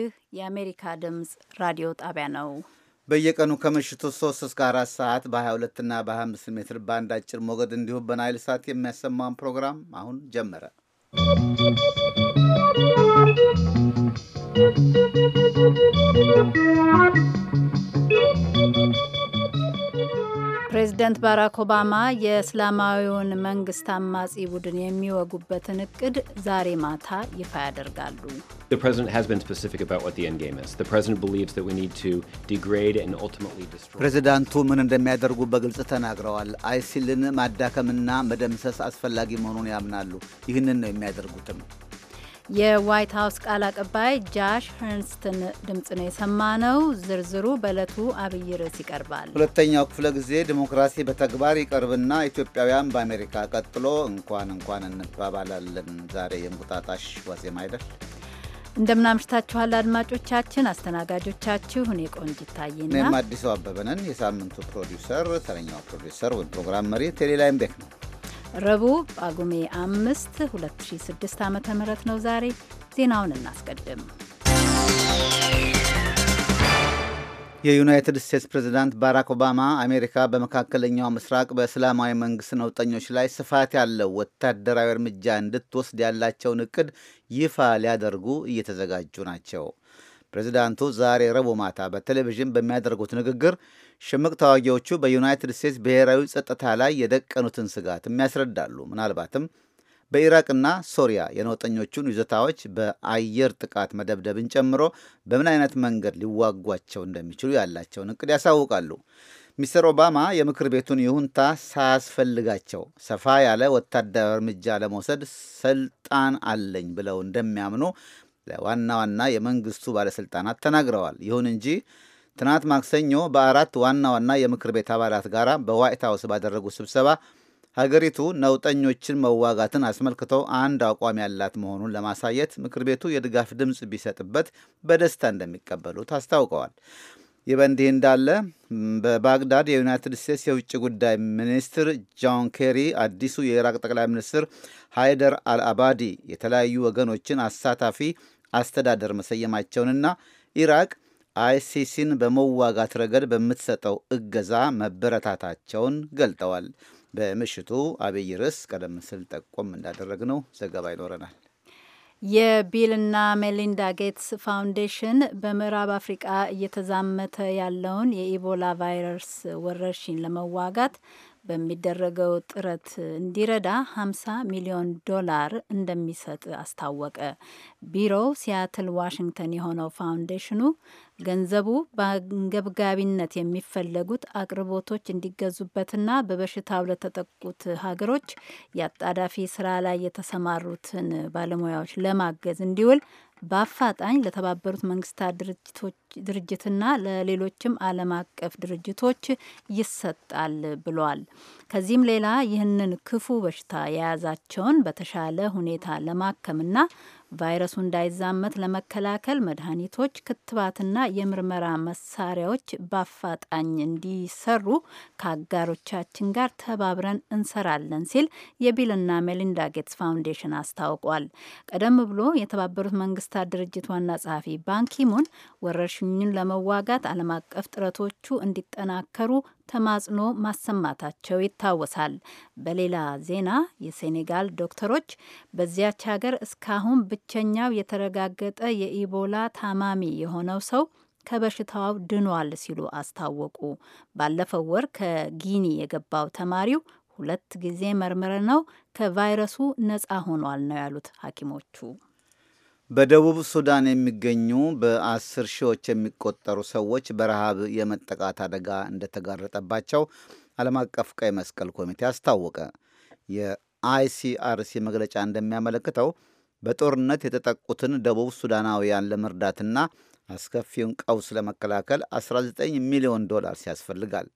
ይህ የአሜሪካ ድምፅ ራዲዮ ጣቢያ ነው። በየቀኑ ከምሽቱ 3 እስከ 4 ሰዓት በ22 እና በ25 ሜትር ባንድ አጭር ሞገድ እንዲሁም በናይል ሳት የሚያሰማውን ፕሮግራም አሁን ጀመረ። ¶¶ ፕሬዚደንት ባራክ ኦባማ የእስላማዊውን መንግስት አማጺ ቡድን የሚወጉበትን እቅድ ዛሬ ማታ ይፋ ያደርጋሉ። ፕሬዚዳንቱ ምን እንደሚያደርጉ በግልጽ ተናግረዋል። አይሲልን ማዳከምና መደምሰስ አስፈላጊ መሆኑን ያምናሉ። ይህንን ነው የሚያደርጉትም። የዋይት ሀውስ ቃል አቀባይ ጃሽ ሄርንስትን ድምፅ ነው የሰማ ነው። ዝርዝሩ በዕለቱ አብይ ርዕስ ይቀርባል። ሁለተኛው ክፍለ ጊዜ ዲሞክራሲ በተግባር ይቀርብና ኢትዮጵያውያን በአሜሪካ ቀጥሎ እንኳን እንኳን እንባባላለን። ዛሬ የእንቁጣጣሽ ዋዜማ አይደል? እንደምናምሽታችኋል አድማጮቻችን። አስተናጋጆቻችሁ እኔ ቆንጅ ይታየና እኔም አዲሱ አበበ ነን። የሳምንቱ ፕሮዲውሰር ተረኛው ፕሮዲውሰር ወደ ፕሮግራም መሪ ቴሌላይምቤክ ነው ረቡዕ ጳጉሜ 5 2006 ዓ ም ነው ዛሬ። ዜናውን እናስቀድም። የዩናይትድ ስቴትስ ፕሬዝዳንት ባራክ ኦባማ አሜሪካ በመካከለኛው ምስራቅ በእስላማዊ መንግስት ነውጠኞች ላይ ስፋት ያለው ወታደራዊ እርምጃ እንድትወስድ ያላቸውን እቅድ ይፋ ሊያደርጉ እየተዘጋጁ ናቸው። ፕሬዚዳንቱ ዛሬ ረቡዕ ማታ በቴሌቪዥን በሚያደርጉት ንግግር ሽምቅ ተዋጊዎቹ በዩናይትድ ስቴትስ ብሔራዊ ጸጥታ ላይ የደቀኑትን ስጋትም ያስረዳሉ። ምናልባትም በኢራቅና ሶሪያ የነውጠኞቹን ይዘታዎች በአየር ጥቃት መደብደብን ጨምሮ በምን አይነት መንገድ ሊዋጓቸው እንደሚችሉ ያላቸውን እቅድ ያሳውቃሉ። ሚስተር ኦባማ የምክር ቤቱን ይሁንታ ሳያስፈልጋቸው ሰፋ ያለ ወታደራዊ እርምጃ ለመውሰድ ስልጣን አለኝ ብለው እንደሚያምኑ ዋና ዋና የመንግስቱ ባለስልጣናት ተናግረዋል። ይሁን እንጂ ትናንት ማክሰኞ በአራት ዋና ዋና የምክር ቤት አባላት ጋር በዋይት ሀውስ ባደረጉ ስብሰባ ሀገሪቱ ነውጠኞችን መዋጋትን አስመልክቶ አንድ አቋም ያላት መሆኑን ለማሳየት ምክር ቤቱ የድጋፍ ድምፅ ቢሰጥበት በደስታ እንደሚቀበሉት አስታውቀዋል። ይህ በእንዲህ እንዳለ በባግዳድ የዩናይትድ ስቴትስ የውጭ ጉዳይ ሚኒስትር ጆን ኬሪ አዲሱ የኢራቅ ጠቅላይ ሚኒስትር ሃይደር አልአባዲ የተለያዩ ወገኖችን አሳታፊ አስተዳደር መሰየማቸውንና ኢራቅ አይሲሲን በመዋጋት ረገድ በምትሰጠው እገዛ መበረታታቸውን ገልጠዋል። በምሽቱ አብይ ርዕስ ቀደም ሲል ጠቆም እንዳደረግነው ዘገባ ይኖረናል። የቢልና ሜሊንዳ ጌትስ ፋውንዴሽን በምዕራብ አፍሪቃ እየተዛመተ ያለውን የኢቦላ ቫይረስ ወረርሽኝ ለመዋጋት በሚደረገው ጥረት እንዲረዳ 50 ሚሊዮን ዶላር እንደሚሰጥ አስታወቀ። ቢሮው ሲያትል ዋሽንግተን የሆነው ፋውንዴሽኑ ገንዘቡ በአንገብጋቢነት የሚፈለጉት አቅርቦቶች እንዲገዙበትና በበሽታው ለተጠቁት ሀገሮች የአጣዳፊ ስራ ላይ የተሰማሩትን ባለሙያዎች ለማገዝ እንዲውል በአፋጣኝ ለተባበሩት መንግስታት ድርጅትና ለሌሎችም ዓለም አቀፍ ድርጅቶች ይሰጣል ብሏል። ከዚህም ሌላ ይህንን ክፉ በሽታ የያዛቸውን በተሻለ ሁኔታ ለማከምና ቫይረሱ እንዳይዛመት ለመከላከል መድኃኒቶች፣ ክትባትና የምርመራ መሳሪያዎች በአፋጣኝ እንዲሰሩ ከአጋሮቻችን ጋር ተባብረን እንሰራለን ሲል የቢልና ሜሊንዳ ጌትስ ፋውንዴሽን አስታውቋል። ቀደም ብሎ የተባበሩት መንግስታት ድርጅት ዋና ጸሐፊ ባንኪሙን ወረርሽኙን ለመዋጋት ዓለም አቀፍ ጥረቶቹ እንዲጠናከሩ ተማጽኖ ማሰማታቸው ይታወሳል። በሌላ ዜና የሴኔጋል ዶክተሮች በዚያች ሀገር እስካሁን ብቸኛው የተረጋገጠ የኢቦላ ታማሚ የሆነው ሰው ከበሽታው ድኗል ሲሉ አስታወቁ። ባለፈው ወር ከጊኒ የገባው ተማሪው ሁለት ጊዜ መርምረ ነው ከቫይረሱ ነጻ ሆኗል ነው ያሉት ሐኪሞቹ። በደቡብ ሱዳን የሚገኙ በአስር ሺዎች የሚቆጠሩ ሰዎች በረሃብ የመጠቃት አደጋ እንደተጋረጠባቸው ዓለም አቀፍ ቀይ መስቀል ኮሚቴ አስታወቀ። የአይሲአርሲ መግለጫ እንደሚያመለክተው በጦርነት የተጠቁትን ደቡብ ሱዳናውያን ለመርዳትና አስከፊውን ቀውስ ለመከላከል 19 ሚሊዮን ዶላር ያስፈልጋል።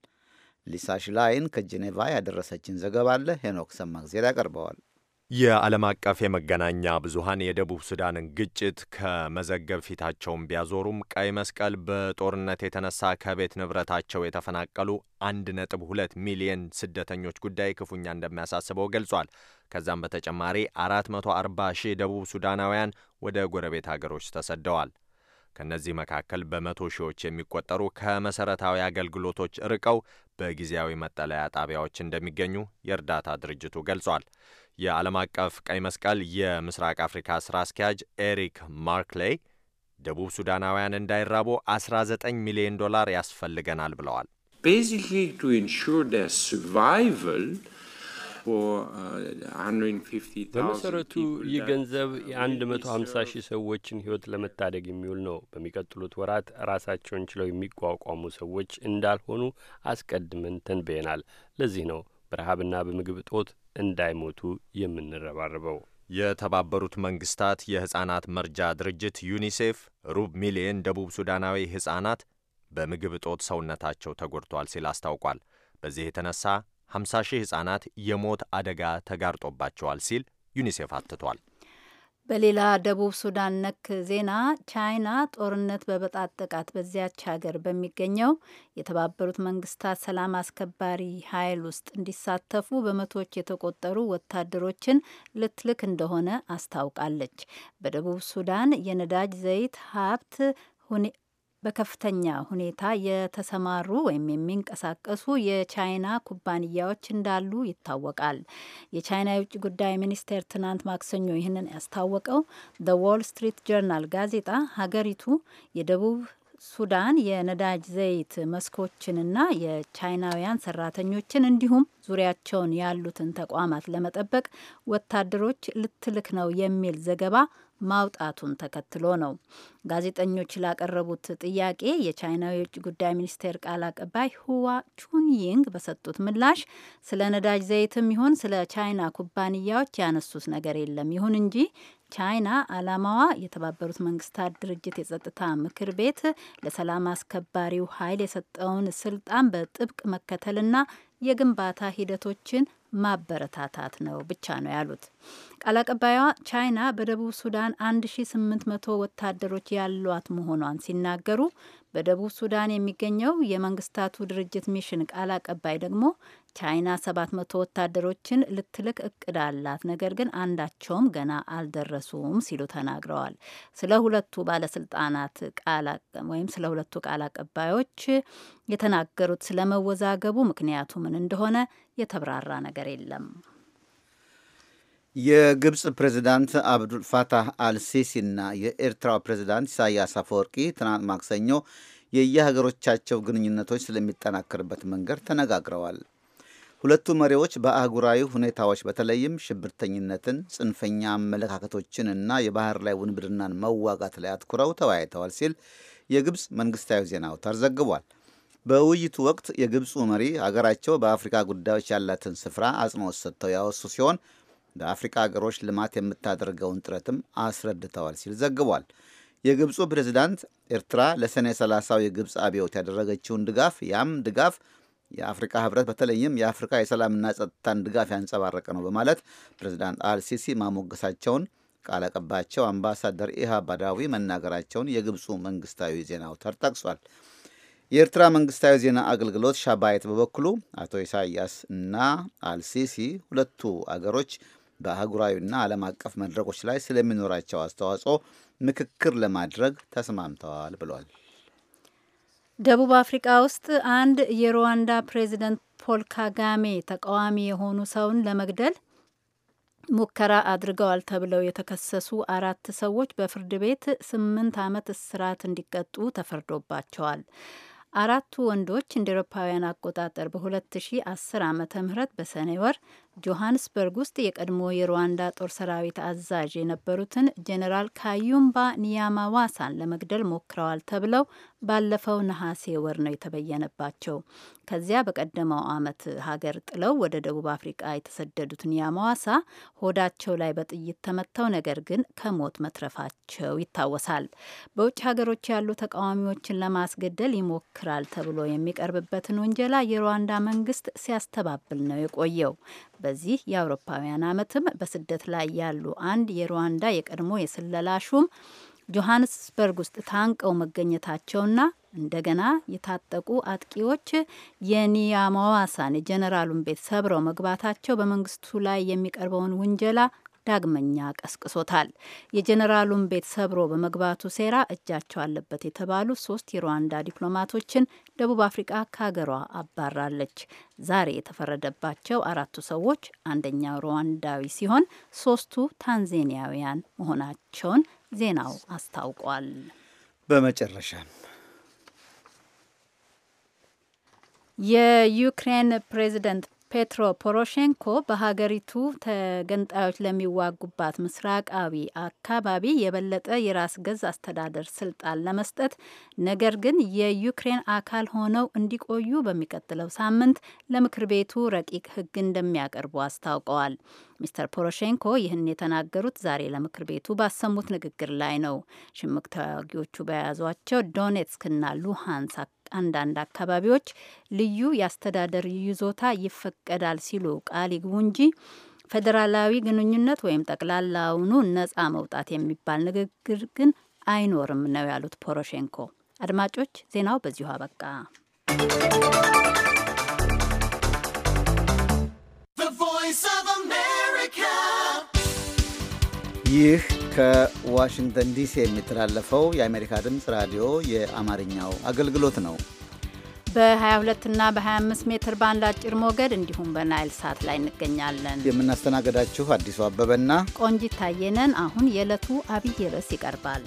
ሊሳሽ ላይን ከጄኔቫ ያደረሰችን ዘገባ አለ። ሄኖክ ሰማግዜር ያቀርበዋል። የዓለም አቀፍ የመገናኛ ብዙሃን የደቡብ ሱዳንን ግጭት ከመዘገብ ፊታቸውን ቢያዞሩም ቀይ መስቀል በጦርነት የተነሳ ከቤት ንብረታቸው የተፈናቀሉ 1.2 ሚሊዮን ስደተኞች ጉዳይ ክፉኛ እንደሚያሳስበው ገልጿል። ከዛም በተጨማሪ 440 ሺህ ደቡብ ሱዳናውያን ወደ ጎረቤት አገሮች ተሰደዋል። ከእነዚህ መካከል በመቶ ሺዎች የሚቆጠሩ ከመሠረታዊ አገልግሎቶች ርቀው በጊዜያዊ መጠለያ ጣቢያዎች እንደሚገኙ የእርዳታ ድርጅቱ ገልጿል። የዓለም አቀፍ ቀይ መስቀል የምስራቅ አፍሪካ ሥራ አስኪያጅ ኤሪክ ማርክሌይ ደቡብ ሱዳናውያን እንዳይራቡ 19 ሚሊዮን ዶላር ያስፈልገናል ብለዋል። uh, በመሰረቱ ይህ ገንዘብ የ150 ሺህ ሰዎችን ሕይወት ለመታደግ የሚውል ነው። በሚቀጥሉት ወራት ራሳቸውን ችለው የሚቋቋሙ ሰዎች እንዳልሆኑ አስቀድመን ተንብየናል። ለዚህ ነው በረሃብና በምግብ እጦት እንዳይሞቱ የምንረባረበው። የተባበሩት መንግስታት የሕፃናት መርጃ ድርጅት ዩኒሴፍ ሩብ ሚሊየን ደቡብ ሱዳናዊ ሕፃናት በምግብ እጦት ሰውነታቸው ተጎድቷል ሲል አስታውቋል። በዚህ የተነሳ 50 ሺህ ሕፃናት የሞት አደጋ ተጋርጦባቸዋል ሲል ዩኒሴፍ አትቷል። በሌላ ደቡብ ሱዳን ነክ ዜና ቻይና ጦርነት በበጣጠቃት በዚያች ሀገር በሚገኘው የተባበሩት መንግስታት ሰላም አስከባሪ ኃይል ውስጥ እንዲሳተፉ በመቶዎች የተቆጠሩ ወታደሮችን ልትልክ እንደሆነ አስታውቃለች። በደቡብ ሱዳን የነዳጅ ዘይት ሀብት በከፍተኛ ሁኔታ የተሰማሩ ወይም የሚንቀሳቀሱ የቻይና ኩባንያዎች እንዳሉ ይታወቃል። የቻይና የውጭ ጉዳይ ሚኒስቴር ትናንት ማክሰኞ ይህንን ያስታወቀው በዎል ስትሪት ጆርናል ጋዜጣ ሀገሪቱ የደቡብ ሱዳን የነዳጅ ዘይት መስኮችንና የቻይናውያን ሰራተኞችን እንዲሁም ዙሪያቸውን ያሉትን ተቋማት ለመጠበቅ ወታደሮች ልትልክ ነው የሚል ዘገባ ማውጣቱን ተከትሎ ነው። ጋዜጠኞች ላቀረቡት ጥያቄ የቻይናው የውጭ ጉዳይ ሚኒስቴር ቃል አቀባይ ሁዋ ቹንይንግ በሰጡት ምላሽ ስለ ነዳጅ ዘይትም ይሁን ስለ ቻይና ኩባንያዎች ያነሱት ነገር የለም። ይሁን እንጂ ቻይና ዓላማዋ የተባበሩት መንግስታት ድርጅት የጸጥታ ምክር ቤት ለሰላም አስከባሪው ኃይል የሰጠውን ስልጣን በጥብቅ መከተልና የግንባታ ሂደቶችን ማበረታታት ነው ብቻ ነው ያሉት። ቃል አቀባይዋ ቻይና በደቡብ ሱዳን 1800 ወታደሮች ያሏት መሆኗን ሲናገሩ በደቡብ ሱዳን የሚገኘው የመንግስታቱ ድርጅት ሚሽን ቃል አቀባይ ደግሞ ቻይና 700 ወታደሮችን ልትልክ እቅድ አላት፣ ነገር ግን አንዳቸውም ገና አልደረሱም ሲሉ ተናግረዋል። ስለ ሁለቱ ባለስልጣናት ወይም ስለ ሁለቱ ቃል አቀባዮች የተናገሩት ስለመወዛገቡ ምክንያቱ ምን እንደሆነ የተብራራ ነገር የለም። የግብፅ ፕሬዚዳንት አብዱልፋታህ አልሲሲና የኤርትራው ፕሬዚዳንት ኢሳያስ አፈወርቂ ትናንት ማክሰኞ የየሀገሮቻቸው ግንኙነቶች ስለሚጠናከርበት መንገድ ተነጋግረዋል። ሁለቱ መሪዎች በአህጉራዊ ሁኔታዎች በተለይም ሽብርተኝነትን፣ ጽንፈኛ አመለካከቶችን እና የባህር ላይ ውንብድናን መዋጋት ላይ አትኩረው ተወያይተዋል ሲል የግብፅ መንግስታዊ ዜና አውታር ዘግቧል። በውይይቱ ወቅት የግብፁ መሪ አገራቸው በአፍሪካ ጉዳዮች ያላትን ስፍራ አጽንኦት ሰጥተው ያወሱ ሲሆን በአፍሪካ ሀገሮች ልማት የምታደርገውን ጥረትም አስረድተዋል ሲል ዘግቧል። የግብፁ ፕሬዚዳንት ኤርትራ ለሰኔ 30ው የግብፅ አብዮት ያደረገችውን ድጋፍ ያም ድጋፍ የአፍሪካ ህብረት በተለይም የአፍሪካ የሰላምና ጸጥታን ድጋፍ ያንጸባረቀ ነው በማለት ፕሬዚዳንት አልሲሲ ማሞገሳቸውን ቃል አምባሳደር ኢሃ ባዳዊ መናገራቸውን የግብፁ መንግስታዊ ዜና አውታር ጠቅሷል። የኤርትራ መንግስታዊ ዜና አገልግሎት ሻባየት በበኩሉ አቶ ኢሳያስ እና አልሲሲ ሁለቱ አገሮች በአህጉራዊና ዓለም አቀፍ መድረኮች ላይ ስለሚኖራቸው አስተዋጽኦ ምክክር ለማድረግ ተስማምተዋል ብሏል። ደቡብ አፍሪቃ ውስጥ አንድ የሩዋንዳ ፕሬዚደንት ፖል ካጋሜ ተቃዋሚ የሆኑ ሰውን ለመግደል ሙከራ አድርገዋል ተብለው የተከሰሱ አራት ሰዎች በፍርድ ቤት ስምንት ዓመት እስራት እንዲቀጡ ተፈርዶባቸዋል። አራቱ ወንዶች እንደ ኤሮፓውያን አቆጣጠር በ2010 ዓ ም በሰኔ ወር ጆሃንስበርግ ውስጥ የቀድሞ የሩዋንዳ ጦር ሰራዊት አዛዥ የነበሩትን ጄኔራል ካዩምባ ኒያማ ዋሳን ለመግደል ሞክረዋል ተብለው ባለፈው ነሐሴ ወር ነው የተበየነባቸው። ከዚያ በቀደመው ዓመት ሀገር ጥለው ወደ ደቡብ አፍሪቃ የተሰደዱት ኒያማ ዋሳ ሆዳቸው ላይ በጥይት ተመተው ነገር ግን ከሞት መትረፋቸው ይታወሳል። በውጭ ሀገሮች ያሉ ተቃዋሚዎችን ለማስገደል ይሞክራል ተብሎ የሚቀርብበትን ውንጀላ የሩዋንዳ መንግስት ሲያስተባብል ነው የቆየው። በዚህ የአውሮፓውያን አመትም በስደት ላይ ያሉ አንድ የሩዋንዳ የቀድሞ የስለላ ሹም ጆሀንስበርግ ውስጥ ታንቀው መገኘታቸውና እንደገና የታጠቁ አጥቂዎች የኒያማዋሳን የጀኔራሉን ቤት ሰብረው መግባታቸው በመንግስቱ ላይ የሚቀርበውን ውንጀላ ዳግመኛ ቀስቅሶታል። የጀኔራሉን ቤት ሰብሮ በመግባቱ ሴራ እጃቸው አለበት የተባሉ ሶስት የሩዋንዳ ዲፕሎማቶችን ደቡብ አፍሪቃ ከሀገሯ አባራለች። ዛሬ የተፈረደባቸው አራቱ ሰዎች አንደኛው ሩዋንዳዊ ሲሆን ሶስቱ ታንዛኒያውያን መሆናቸውን ዜናው አስታውቋል። በመጨረሻ የዩክሬን ፕሬዚደንት ፔትሮ ፖሮሼንኮ በሀገሪቱ ተገንጣዮች ለሚዋጉባት ምስራቃዊ አካባቢ የበለጠ የራስ ገዝ አስተዳደር ስልጣን ለመስጠት ነገር ግን የዩክሬን አካል ሆነው እንዲቆዩ በሚቀጥለው ሳምንት ለምክር ቤቱ ረቂቅ ሕግ እንደሚያቀርቡ አስታውቀዋል። ሚስተር ፖሮሼንኮ ይህን የተናገሩት ዛሬ ለምክር ቤቱ ባሰሙት ንግግር ላይ ነው። ሽምቅ ተዋጊዎቹ በያዟቸው ዶኔትስክና ሉሃንስ አንዳንድ አካባቢዎች ልዩ የአስተዳደር ይዞታ ይፈቀዳል ሲሉ ቃል ይግቡ እንጂ ፌዴራላዊ ግንኙነት ወይም ጠቅላላውኑ ነጻ መውጣት የሚባል ንግግር ግን አይኖርም ነው ያሉት ፖሮሼንኮ። አድማጮች፣ ዜናው በዚሁ አበቃ። ይህ ከዋሽንግተን ዲሲ የሚተላለፈው የአሜሪካ ድምፅ ራዲዮ የአማርኛው አገልግሎት ነው። በ22 እና በ25 ሜትር ባንድ አጭር ሞገድ እንዲሁም በናይል ሳት ላይ እንገኛለን። የምናስተናገዳችሁ አዲሱ አበበና ቆንጂት ታየነን። አሁን የዕለቱ አብይ ርዕስ ይቀርባል።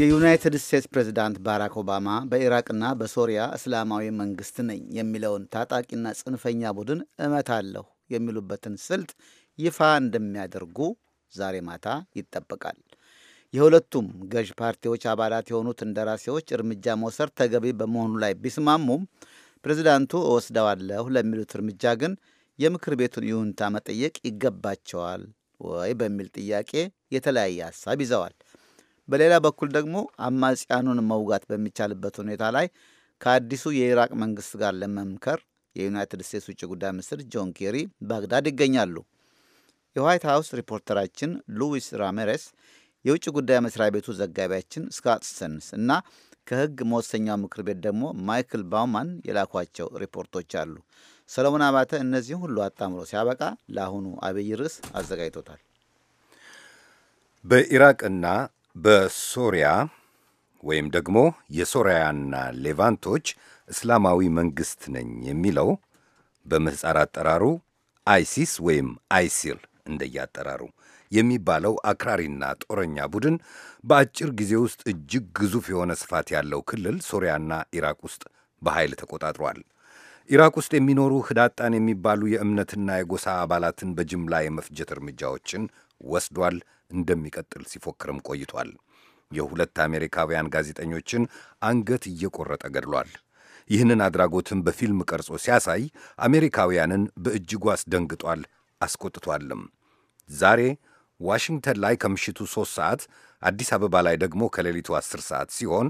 የዩናይትድ ስቴትስ ፕሬዚዳንት ባራክ ኦባማ በኢራቅና በሶሪያ እስላማዊ መንግስት ነኝ የሚለውን ታጣቂና ጽንፈኛ ቡድን እመታለሁ የሚሉበትን ስልት ይፋ እንደሚያደርጉ ዛሬ ማታ ይጠበቃል። የሁለቱም ገዥ ፓርቲዎች አባላት የሆኑት እንደራሴዎች እርምጃ መውሰድ ተገቢ በመሆኑ ላይ ቢስማሙም ፕሬዚዳንቱ እወስደዋለሁ ለሚሉት እርምጃ ግን የምክር ቤቱን ይሁንታ መጠየቅ ይገባቸዋል ወይ በሚል ጥያቄ የተለያየ ሀሳብ ይዘዋል። በሌላ በኩል ደግሞ አማጽያኑን መውጋት በሚቻልበት ሁኔታ ላይ ከአዲሱ የኢራቅ መንግስት ጋር ለመምከር የዩናይትድ ስቴትስ ውጭ ጉዳይ ሚኒስትር ጆን ኬሪ ባግዳድ ይገኛሉ። የዋይት ሀውስ ሪፖርተራችን ሉዊስ ራሜሬስ፣ የውጭ ጉዳይ መስሪያ ቤቱ ዘጋቢያችን ስካት ሰንስ እና ከህግ መወሰኛው ምክር ቤት ደግሞ ማይክል ባውማን የላኳቸው ሪፖርቶች አሉ። ሰለሞን አባተ እነዚህም ሁሉ አጣምሮ ሲያበቃ ለአሁኑ አብይ ርዕስ አዘጋጅቶታል። በኢራቅና በሶሪያ ወይም ደግሞ የሶሪያና ሌቫንቶች እስላማዊ መንግሥት ነኝ የሚለው በምህፃር አጠራሩ አይሲስ ወይም አይሲል እንደያጠራሩ የሚባለው አክራሪና ጦረኛ ቡድን በአጭር ጊዜ ውስጥ እጅግ ግዙፍ የሆነ ስፋት ያለው ክልል ሶሪያና ኢራቅ ውስጥ በኃይል ተቆጣጥሯል። ኢራቅ ውስጥ የሚኖሩ ህዳጣን የሚባሉ የእምነትና የጎሳ አባላትን በጅምላ የመፍጀት እርምጃዎችን ወስዷል፣ እንደሚቀጥል ሲፎክርም ቆይቷል። የሁለት አሜሪካውያን ጋዜጠኞችን አንገት እየቆረጠ ገድሏል። ይህንን አድራጎትን በፊልም ቀርጾ ሲያሳይ አሜሪካውያንን በእጅጉ አስደንግጧል፣ አስቆጥቷልም። ዛሬ ዋሽንግተን ላይ ከምሽቱ 3 ሰዓት አዲስ አበባ ላይ ደግሞ ከሌሊቱ 10 ሰዓት ሲሆን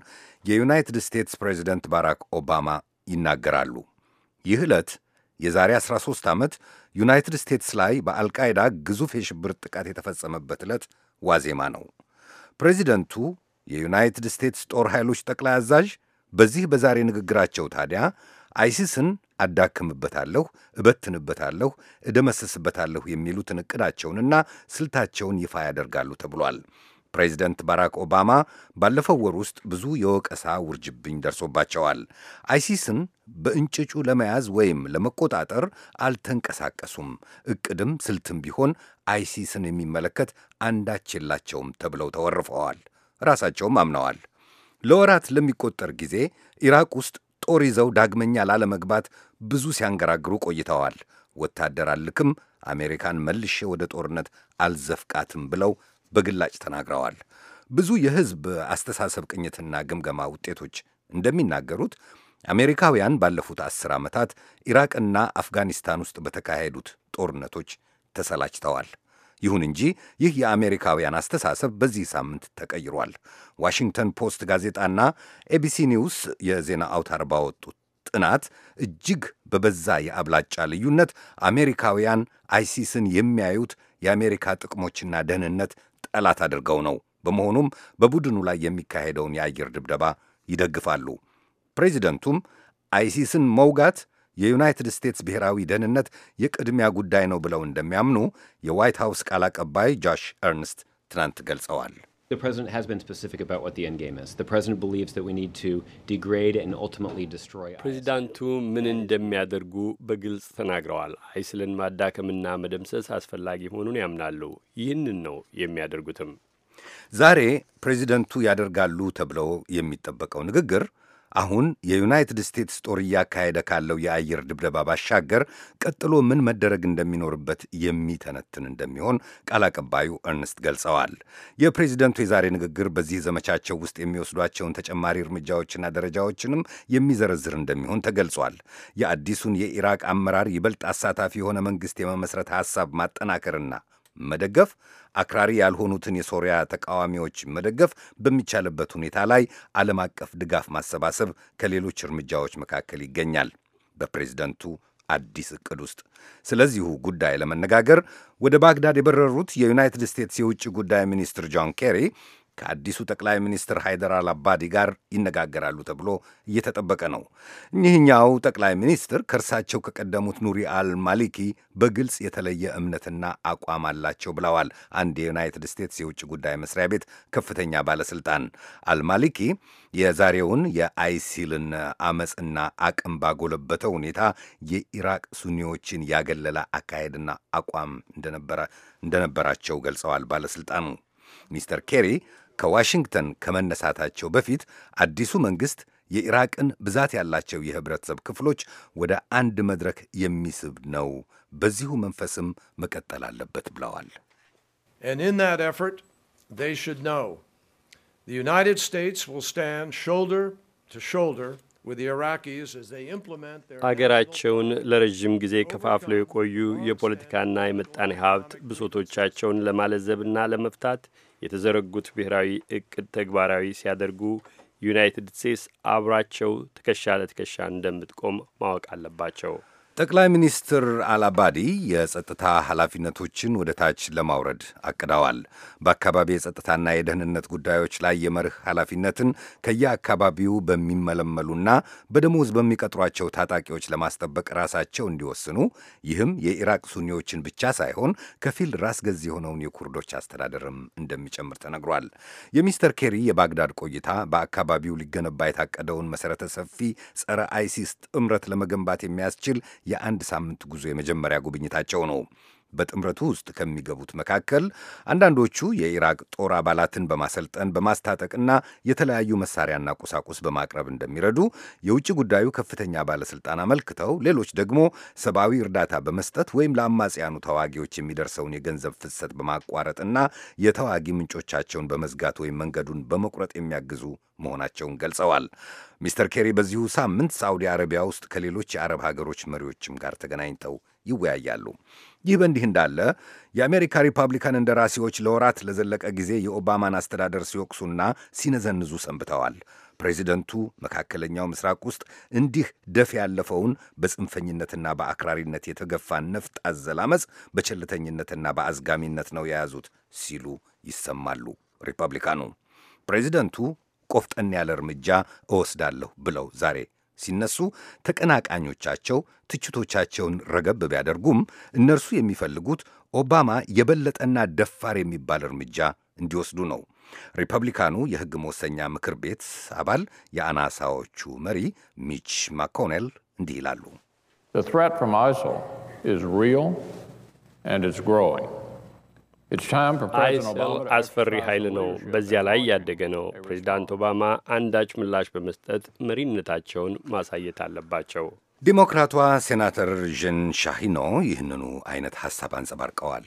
የዩናይትድ ስቴትስ ፕሬዚደንት ባራክ ኦባማ ይናገራሉ። ይህ ዕለት የዛሬ 13 ዓመት ዩናይትድ ስቴትስ ላይ በአልቃይዳ ግዙፍ የሽብር ጥቃት የተፈጸመበት ዕለት ዋዜማ ነው። ፕሬዚደንቱ የዩናይትድ ስቴትስ ጦር ኃይሎች ጠቅላይ አዛዥ በዚህ በዛሬ ንግግራቸው ታዲያ አይሲስን አዳክምበታለሁ፣ እበትንበታለሁ፣ እደመስስበታለሁ የሚሉትን እቅዳቸውንና ስልታቸውን ይፋ ያደርጋሉ ተብሏል። ፕሬዚደንት ባራክ ኦባማ ባለፈው ወር ውስጥ ብዙ የወቀሳ ውርጅብኝ ደርሶባቸዋል። አይሲስን በእንጭጩ ለመያዝ ወይም ለመቆጣጠር አልተንቀሳቀሱም፣ እቅድም ስልትም ቢሆን አይሲስን የሚመለከት አንዳች የላቸውም ተብለው ተወርፈዋል። ራሳቸውም አምነዋል። ለወራት ለሚቆጠር ጊዜ ኢራቅ ውስጥ ጦር ይዘው ዳግመኛ ላለመግባት ብዙ ሲያንገራግሩ ቆይተዋል። ወታደር አልክም፣ አሜሪካን መልሼ ወደ ጦርነት አልዘፍቃትም ብለው በግላጭ ተናግረዋል። ብዙ የሕዝብ አስተሳሰብ ቅኝትና ግምገማ ውጤቶች እንደሚናገሩት አሜሪካውያን ባለፉት አስር ዓመታት ኢራቅና አፍጋኒስታን ውስጥ በተካሄዱት ጦርነቶች ተሰላችተዋል። ይሁን እንጂ ይህ የአሜሪካውያን አስተሳሰብ በዚህ ሳምንት ተቀይሯል። ዋሽንግተን ፖስት ጋዜጣና ኤቢሲ ኒውስ የዜና አውታር ባወጡት ጥናት እጅግ በበዛ የአብላጫ ልዩነት አሜሪካውያን አይሲስን የሚያዩት የአሜሪካ ጥቅሞችና ደህንነት ጠላት አድርገው ነው። በመሆኑም በቡድኑ ላይ የሚካሄደውን የአየር ድብደባ ይደግፋሉ። ፕሬዚደንቱም አይሲስን መውጋት የዩናይትድ ስቴትስ ብሔራዊ ደህንነት የቅድሚያ ጉዳይ ነው ብለው እንደሚያምኑ የዋይት ሃውስ ቃል አቀባይ ጆሽ ኤርንስት ትናንት ገልጸዋል። ፕሬዚዳንቱ ምን እንደሚያደርጉ በግልጽ ተናግረዋል። አይስልን ማዳከምና መደምሰስ አስፈላጊ መሆኑን ያምናሉ። ይህንን ነው የሚያደርጉትም። ዛሬ ፕሬዚደንቱ ያደርጋሉ ተብለው የሚጠበቀው ንግግር አሁን የዩናይትድ ስቴትስ ጦር እያካሄደ ካለው የአየር ድብደባ ባሻገር ቀጥሎ ምን መደረግ እንደሚኖርበት የሚተነትን እንደሚሆን ቃል አቀባዩ እርንስት ገልጸዋል። የፕሬዚደንቱ የዛሬ ንግግር በዚህ ዘመቻቸው ውስጥ የሚወስዷቸውን ተጨማሪ እርምጃዎችና ደረጃዎችንም የሚዘረዝር እንደሚሆን ተገልጿል። የአዲሱን የኢራቅ አመራር ይበልጥ አሳታፊ የሆነ መንግሥት የመመስረት ሐሳብ ማጠናከርና መደገፍ፣ አክራሪ ያልሆኑትን የሶሪያ ተቃዋሚዎች መደገፍ በሚቻልበት ሁኔታ ላይ ዓለም አቀፍ ድጋፍ ማሰባሰብ ከሌሎች እርምጃዎች መካከል ይገኛል በፕሬዝደንቱ አዲስ እቅድ ውስጥ። ስለዚሁ ጉዳይ ለመነጋገር ወደ ባግዳድ የበረሩት የዩናይትድ ስቴትስ የውጭ ጉዳይ ሚኒስትር ጆን ኬሪ ከአዲሱ ጠቅላይ ሚኒስትር ሃይደር አልአባዲ ጋር ይነጋገራሉ ተብሎ እየተጠበቀ ነው። እኚህኛው ጠቅላይ ሚኒስትር ከእርሳቸው ከቀደሙት ኑሪ አል ማሊኪ በግልጽ የተለየ እምነትና አቋም አላቸው ብለዋል አንድ የዩናይትድ ስቴትስ የውጭ ጉዳይ መስሪያ ቤት ከፍተኛ ባለስልጣን። አልማሊኪ የዛሬውን የአይሲልን አመፅና አቅም ባጎለበተ ሁኔታ የኢራቅ ሱኒዎችን ያገለለ አካሄድና አቋም እንደነበራቸው ገልጸዋል ባለስልጣኑ ሚስተር ኬሪ ከዋሽንግተን ከመነሳታቸው በፊት አዲሱ መንግሥት የኢራቅን ብዛት ያላቸው የህብረተሰብ ክፍሎች ወደ አንድ መድረክ የሚስብ ነው፣ በዚሁ መንፈስም መቀጠል አለበት ብለዋል። ዩናይትድ ስቴትስ አገራቸውን ለረዥም ጊዜ ከፋፍለው የቆዩ የፖለቲካና የመጣኔ ሀብት ብሶቶቻቸውን ለማለዘብና ለመፍታት የተዘረጉት ብሔራዊ እቅድ ተግባራዊ ሲያደርጉ ዩናይትድ ስቴትስ አብራቸው ትከሻ ለትከሻ እንደምትቆም ማወቅ አለባቸው። ጠቅላይ ሚኒስትር አልአባዲ የጸጥታ ኃላፊነቶችን ወደ ታች ለማውረድ አቅደዋል። በአካባቢ የጸጥታና የደህንነት ጉዳዮች ላይ የመርህ ኃላፊነትን ከየአካባቢው በሚመለመሉና በደሞዝ በሚቀጥሯቸው ታጣቂዎች ለማስጠበቅ ራሳቸው እንዲወስኑ፣ ይህም የኢራቅ ሱኒዎችን ብቻ ሳይሆን ከፊል ራስ ገዝ የሆነውን የኩርዶች አስተዳደርም እንደሚጨምር ተነግሯል። የሚስተር ኬሪ የባግዳድ ቆይታ በአካባቢው ሊገነባ የታቀደውን መሠረተ ሰፊ ጸረ አይሲስ ጥምረት ለመገንባት የሚያስችል የአንድ ሳምንት ጉዞ የመጀመሪያ ጉብኝታቸው ነው። በጥምረቱ ውስጥ ከሚገቡት መካከል አንዳንዶቹ የኢራቅ ጦር አባላትን በማሰልጠን በማስታጠቅና የተለያዩ መሳሪያና ቁሳቁስ በማቅረብ እንደሚረዱ የውጭ ጉዳዩ ከፍተኛ ባለስልጣን አመልክተው፣ ሌሎች ደግሞ ሰብአዊ እርዳታ በመስጠት ወይም ለአማጽያኑ ተዋጊዎች የሚደርሰውን የገንዘብ ፍሰት በማቋረጥና የተዋጊ ምንጮቻቸውን በመዝጋት ወይም መንገዱን በመቁረጥ የሚያግዙ መሆናቸውን ገልጸዋል። ሚስተር ኬሪ በዚሁ ሳምንት ሳዑዲ አረቢያ ውስጥ ከሌሎች የአረብ ሀገሮች መሪዎችም ጋር ተገናኝተው ይወያያሉ። ይህ በእንዲህ እንዳለ የአሜሪካ ሪፐብሊካን እንደራሴዎች ለወራት ለዘለቀ ጊዜ የኦባማን አስተዳደር ሲወቅሱና ሲነዘንዙ ሰንብተዋል። ፕሬዚደንቱ መካከለኛው ምስራቅ ውስጥ እንዲህ ደፍ ያለፈውን በጽንፈኝነትና በአክራሪነት የተገፋ ነፍጥ አዘል አመፅ በቸልተኝነትና በአዝጋሚነት ነው የያዙት ሲሉ ይሰማሉ ሪፐብሊካኑ። ፕሬዚደንቱ ቆፍጠን ያለ እርምጃ እወስዳለሁ ብለው ዛሬ ሲነሱ ተቀናቃኞቻቸው ትችቶቻቸውን ረገብ ቢያደርጉም እነርሱ የሚፈልጉት ኦባማ የበለጠና ደፋር የሚባል እርምጃ እንዲወስዱ ነው። ሪፐብሊካኑ የሕግ መወሰኛ ምክር ቤት አባል የአናሳዎቹ መሪ ሚች ማኮኔል እንዲህ ይላሉ። The threat from ISIL is real and it's growing. አይስ አስፈሪ ኃይል ነው። በዚያ ላይ ያደገ ነው። ፕሬዚዳንት ኦባማ አንዳች ምላሽ በመስጠት መሪነታቸውን ማሳየት አለባቸው። ዲሞክራቷ ሴናተር ዥን ሻሂኖ ይህንኑ አይነት ሀሳብ አንጸባርቀዋል።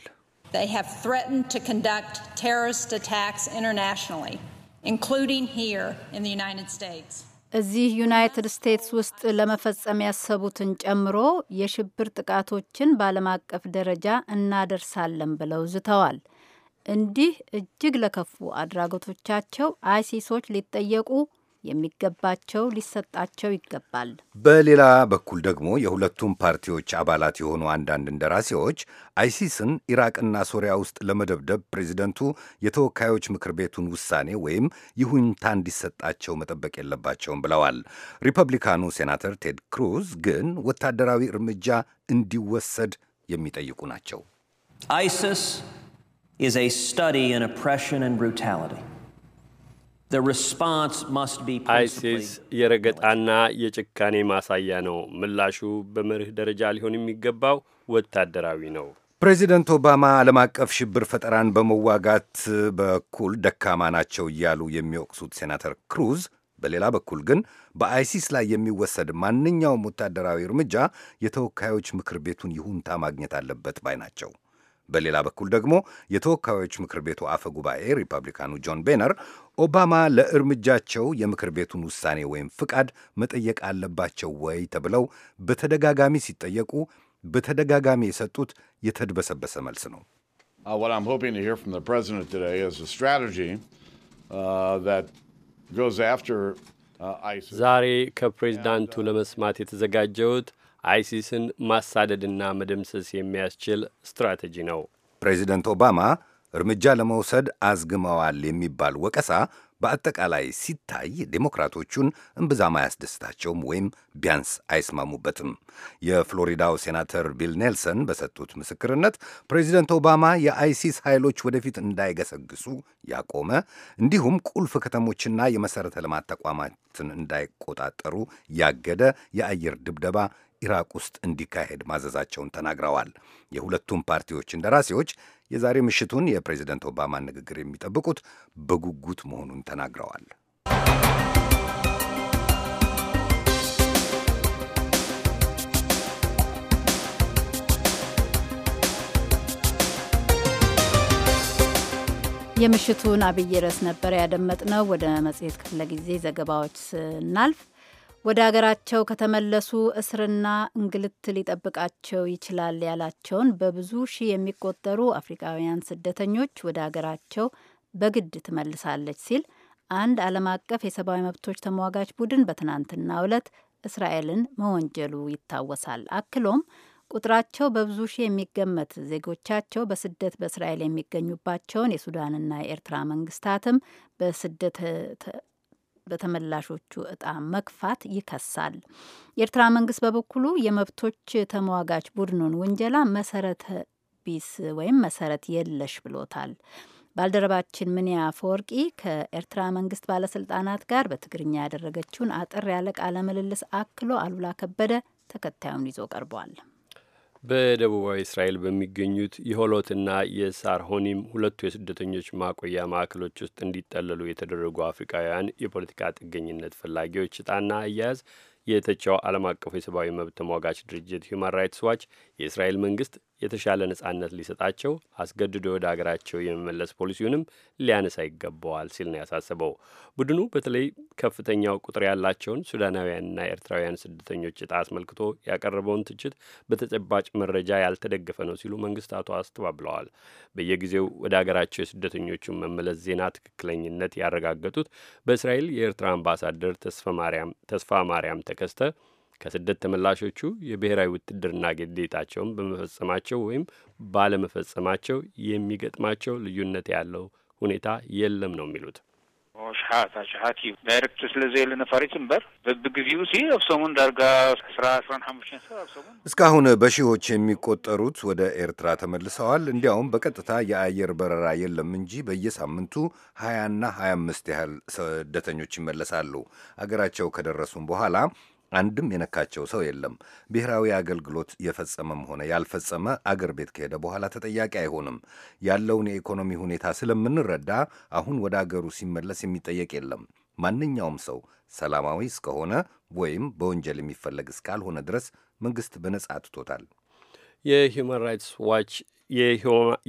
ኢንክሉዲንግ ሂር ኢን ዩናይትድ ስቴትስ እዚህ ዩናይትድ ስቴትስ ውስጥ ለመፈጸም ያሰቡትን ጨምሮ የሽብር ጥቃቶችን በዓለም አቀፍ ደረጃ እናደርሳለን ብለው ዝተዋል። እንዲህ እጅግ ለከፉ አድራጎቶቻቸው አይሲሶች ሊጠየቁ የሚገባቸው ሊሰጣቸው ይገባል። በሌላ በኩል ደግሞ የሁለቱም ፓርቲዎች አባላት የሆኑ አንዳንድ እንደራሴዎች አይሲስን ኢራቅና ሶሪያ ውስጥ ለመደብደብ ፕሬዚደንቱ የተወካዮች ምክር ቤቱን ውሳኔ ወይም ይሁንታ እንዲሰጣቸው መጠበቅ የለባቸውም ብለዋል። ሪፐብሊካኑ ሴናተር ቴድ ክሩዝ ግን ወታደራዊ እርምጃ እንዲወሰድ የሚጠይቁ ናቸው። አይሲስ is a study in አይሲስ የረገጣና የጭካኔ ማሳያ ነው። ምላሹ በመርህ ደረጃ ሊሆን የሚገባው ወታደራዊ ነው። ፕሬዚደንት ኦባማ ዓለም አቀፍ ሽብር ፈጠራን በመዋጋት በኩል ደካማ ናቸው እያሉ የሚወቅሱት ሴናተር ክሩዝ በሌላ በኩል ግን በአይሲስ ላይ የሚወሰድ ማንኛውም ወታደራዊ እርምጃ የተወካዮች ምክር ቤቱን ይሁንታ ማግኘት አለበት ባይ ናቸው። በሌላ በኩል ደግሞ የተወካዮች ምክር ቤቱ አፈ ጉባኤ ሪፐብሊካኑ ጆን ቤነር ኦባማ ለእርምጃቸው የምክር ቤቱን ውሳኔ ወይም ፍቃድ መጠየቅ አለባቸው ወይ ተብለው በተደጋጋሚ ሲጠየቁ በተደጋጋሚ የሰጡት የተድበሰበሰ መልስ ነው። uh, uh, uh, ዛሬ ከፕሬዚዳንቱ ለመስማት የተዘጋጀሁት አይሲስን ማሳደድና መደምሰስ የሚያስችል ስትራቴጂ ነው። ፕሬዚደንት ኦባማ እርምጃ ለመውሰድ አዝግመዋል የሚባል ወቀሳ በአጠቃላይ ሲታይ ዴሞክራቶቹን እምብዛም አያስደስታቸውም ወይም ቢያንስ አይስማሙበትም። የፍሎሪዳው ሴናተር ቢል ኔልሰን በሰጡት ምስክርነት ፕሬዚደንት ኦባማ የአይሲስ ኃይሎች ወደፊት እንዳይገሰግሱ ያቆመ እንዲሁም ቁልፍ ከተሞችና የመሠረተ ልማት ተቋማትን እንዳይቆጣጠሩ ያገደ የአየር ድብደባ ኢራቅ ውስጥ እንዲካሄድ ማዘዛቸውን ተናግረዋል። የሁለቱም ፓርቲዎች እንደራሴዎች የዛሬ ምሽቱን የፕሬዚደንት ኦባማን ንግግር የሚጠብቁት በጉጉት መሆኑን ተናግረዋል። የምሽቱን አብይ ርዕስ ነበር ያደመጥነው። ወደ መጽሔት ክፍለ ጊዜ ዘገባዎች ስናልፍ ወደ አገራቸው ከተመለሱ እስርና እንግልት ሊጠብቃቸው ይችላል ያላቸውን በብዙ ሺህ የሚቆጠሩ አፍሪካውያን ስደተኞች ወደ አገራቸው በግድ ትመልሳለች ሲል አንድ ዓለም አቀፍ የሰብአዊ መብቶች ተሟጋች ቡድን በትናንትናው ዕለት እስራኤልን መወንጀሉ ይታወሳል። አክሎም ቁጥራቸው በብዙ ሺህ የሚገመት ዜጎቻቸው በስደት በእስራኤል የሚገኙባቸውን የሱዳንና የኤርትራ መንግስታትም በስደት በተመላሾቹ እጣ መክፋት ይከሳል። የኤርትራ መንግስት በበኩሉ የመብቶች ተሟጋች ቡድኑን ውንጀላ መሰረተ ቢስ ወይም መሰረት የለሽ ብሎታል። ባልደረባችን ምንያ ፈወርቂ ከኤርትራ መንግስት ባለስልጣናት ጋር በትግርኛ ያደረገችውን አጠር ያለ ቃለ ምልልስ አክሎ አሉላ ከበደ ተከታዩን ይዞ ቀርቧል። በደቡባዊ እስራኤል በሚገኙት የሆሎትና የሳርሆኒም ሁለቱ የስደተኞች ማቆያ ማዕከሎች ውስጥ እንዲጠለሉ የተደረጉ አፍሪካውያን የፖለቲካ ጥገኝነት ፈላጊዎች እጣና አያያዝ የተቻው ዓለም አቀፉ የሰብአዊ መብት ተሟጋች ድርጅት ሂዩማን ራይትስ ዋች የእስራኤል መንግስት የተሻለ ነጻነት ሊሰጣቸው አስገድዶ ወደ አገራቸው የመመለስ ፖሊሲውንም ሊያነሳ ይገባዋል ሲል ነው ያሳስበው። ቡድኑ በተለይ ከፍተኛው ቁጥር ያላቸውን ሱዳናውያንና ኤርትራውያን ስደተኞች እጣ አስመልክቶ ያቀረበውን ትችት በተጨባጭ መረጃ ያልተደገፈ ነው ሲሉ መንግስታቱ አስተባብለዋል። በየጊዜው ወደ አገራቸው የስደተኞቹን መመለስ ዜና ትክክለኝነት ያረጋገጡት በእስራኤል የኤርትራ አምባሳደር ተስፋ ማርያም ተከስተ ከስደት ተመላሾቹ የብሔራዊ ውትድርና ግዴታቸውን በመፈጸማቸው ወይም ባለመፈጸማቸው የሚገጥማቸው ልዩነት ያለው ሁኔታ የለም ነው የሚሉት። ሸሓት ሸሓት እዩ ዳይረክት ስለ ዘየለነ ፋሪት እምበር በብግዚኡ ሲ ኣብ ሰሙን ዳርጋ ስራ ስራን ሓሙሽተን ሰብ ኣብ ሰሙን እስካሁን በሺዎች የሚቆጠሩት ወደ ኤርትራ ተመልሰዋል። እንዲያውም በቀጥታ የአየር በረራ የለም እንጂ በየሳምንቱ ሀያና ሀያ አምስት ያህል ስደተኞች ይመለሳሉ። አገራቸው ከደረሱም በኋላ አንድም የነካቸው ሰው የለም። ብሔራዊ አገልግሎት የፈጸመም ሆነ ያልፈጸመ አገር ቤት ከሄደ በኋላ ተጠያቂ አይሆንም። ያለውን የኢኮኖሚ ሁኔታ ስለምንረዳ አሁን ወደ አገሩ ሲመለስ የሚጠየቅ የለም። ማንኛውም ሰው ሰላማዊ እስከሆነ ወይም በወንጀል የሚፈለግ እስካልሆነ ድረስ መንግስት በነጻ ትቶታል። የሂውማን ራይትስ ዋች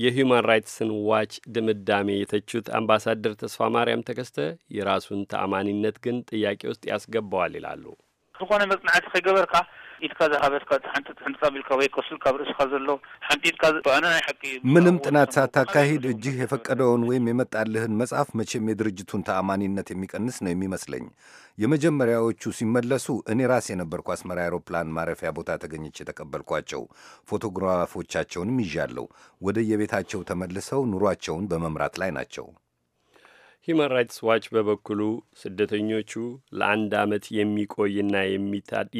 የሂውማን ራይትስን ዋች ድምዳሜ የተቹት አምባሳደር ተስፋ ማርያም ተከስተ የራሱን ተአማኒነት ግን ጥያቄ ውስጥ ያስገባዋል ይላሉ። ዝኾነ መፅናዕቲ ከይገበርካ ኢድካ ዝሃበትካ ሓንቲ ጥሕን ቢልካ ወይ ከሱል ካብ ርእስካ ዘሎ ሓንቲ ኢድካ ኣነ ናይ ሓቂ ምንም ጥናት ሳታካሂድ እጅህ የፈቀደውን ወይም የመጣልህን መጽሐፍ መቼም የድርጅቱን ተአማኒነት የሚቀንስ ነው የሚመስለኝ። የመጀመሪያዎቹ ሲመለሱ እኔ ራሴ የነበርኩ አስመራ አይሮፕላን ማረፊያ ቦታ ተገኝቼ የተቀበልኳቸው። ፎቶግራፎቻቸውንም ይዣለሁ። ወደ የቤታቸው ተመልሰው ኑሯቸውን በመምራት ላይ ናቸው። ሂማን ራይትስ ዋች በበኩሉ ስደተኞቹ ለአንድ ዓመት የሚቆይና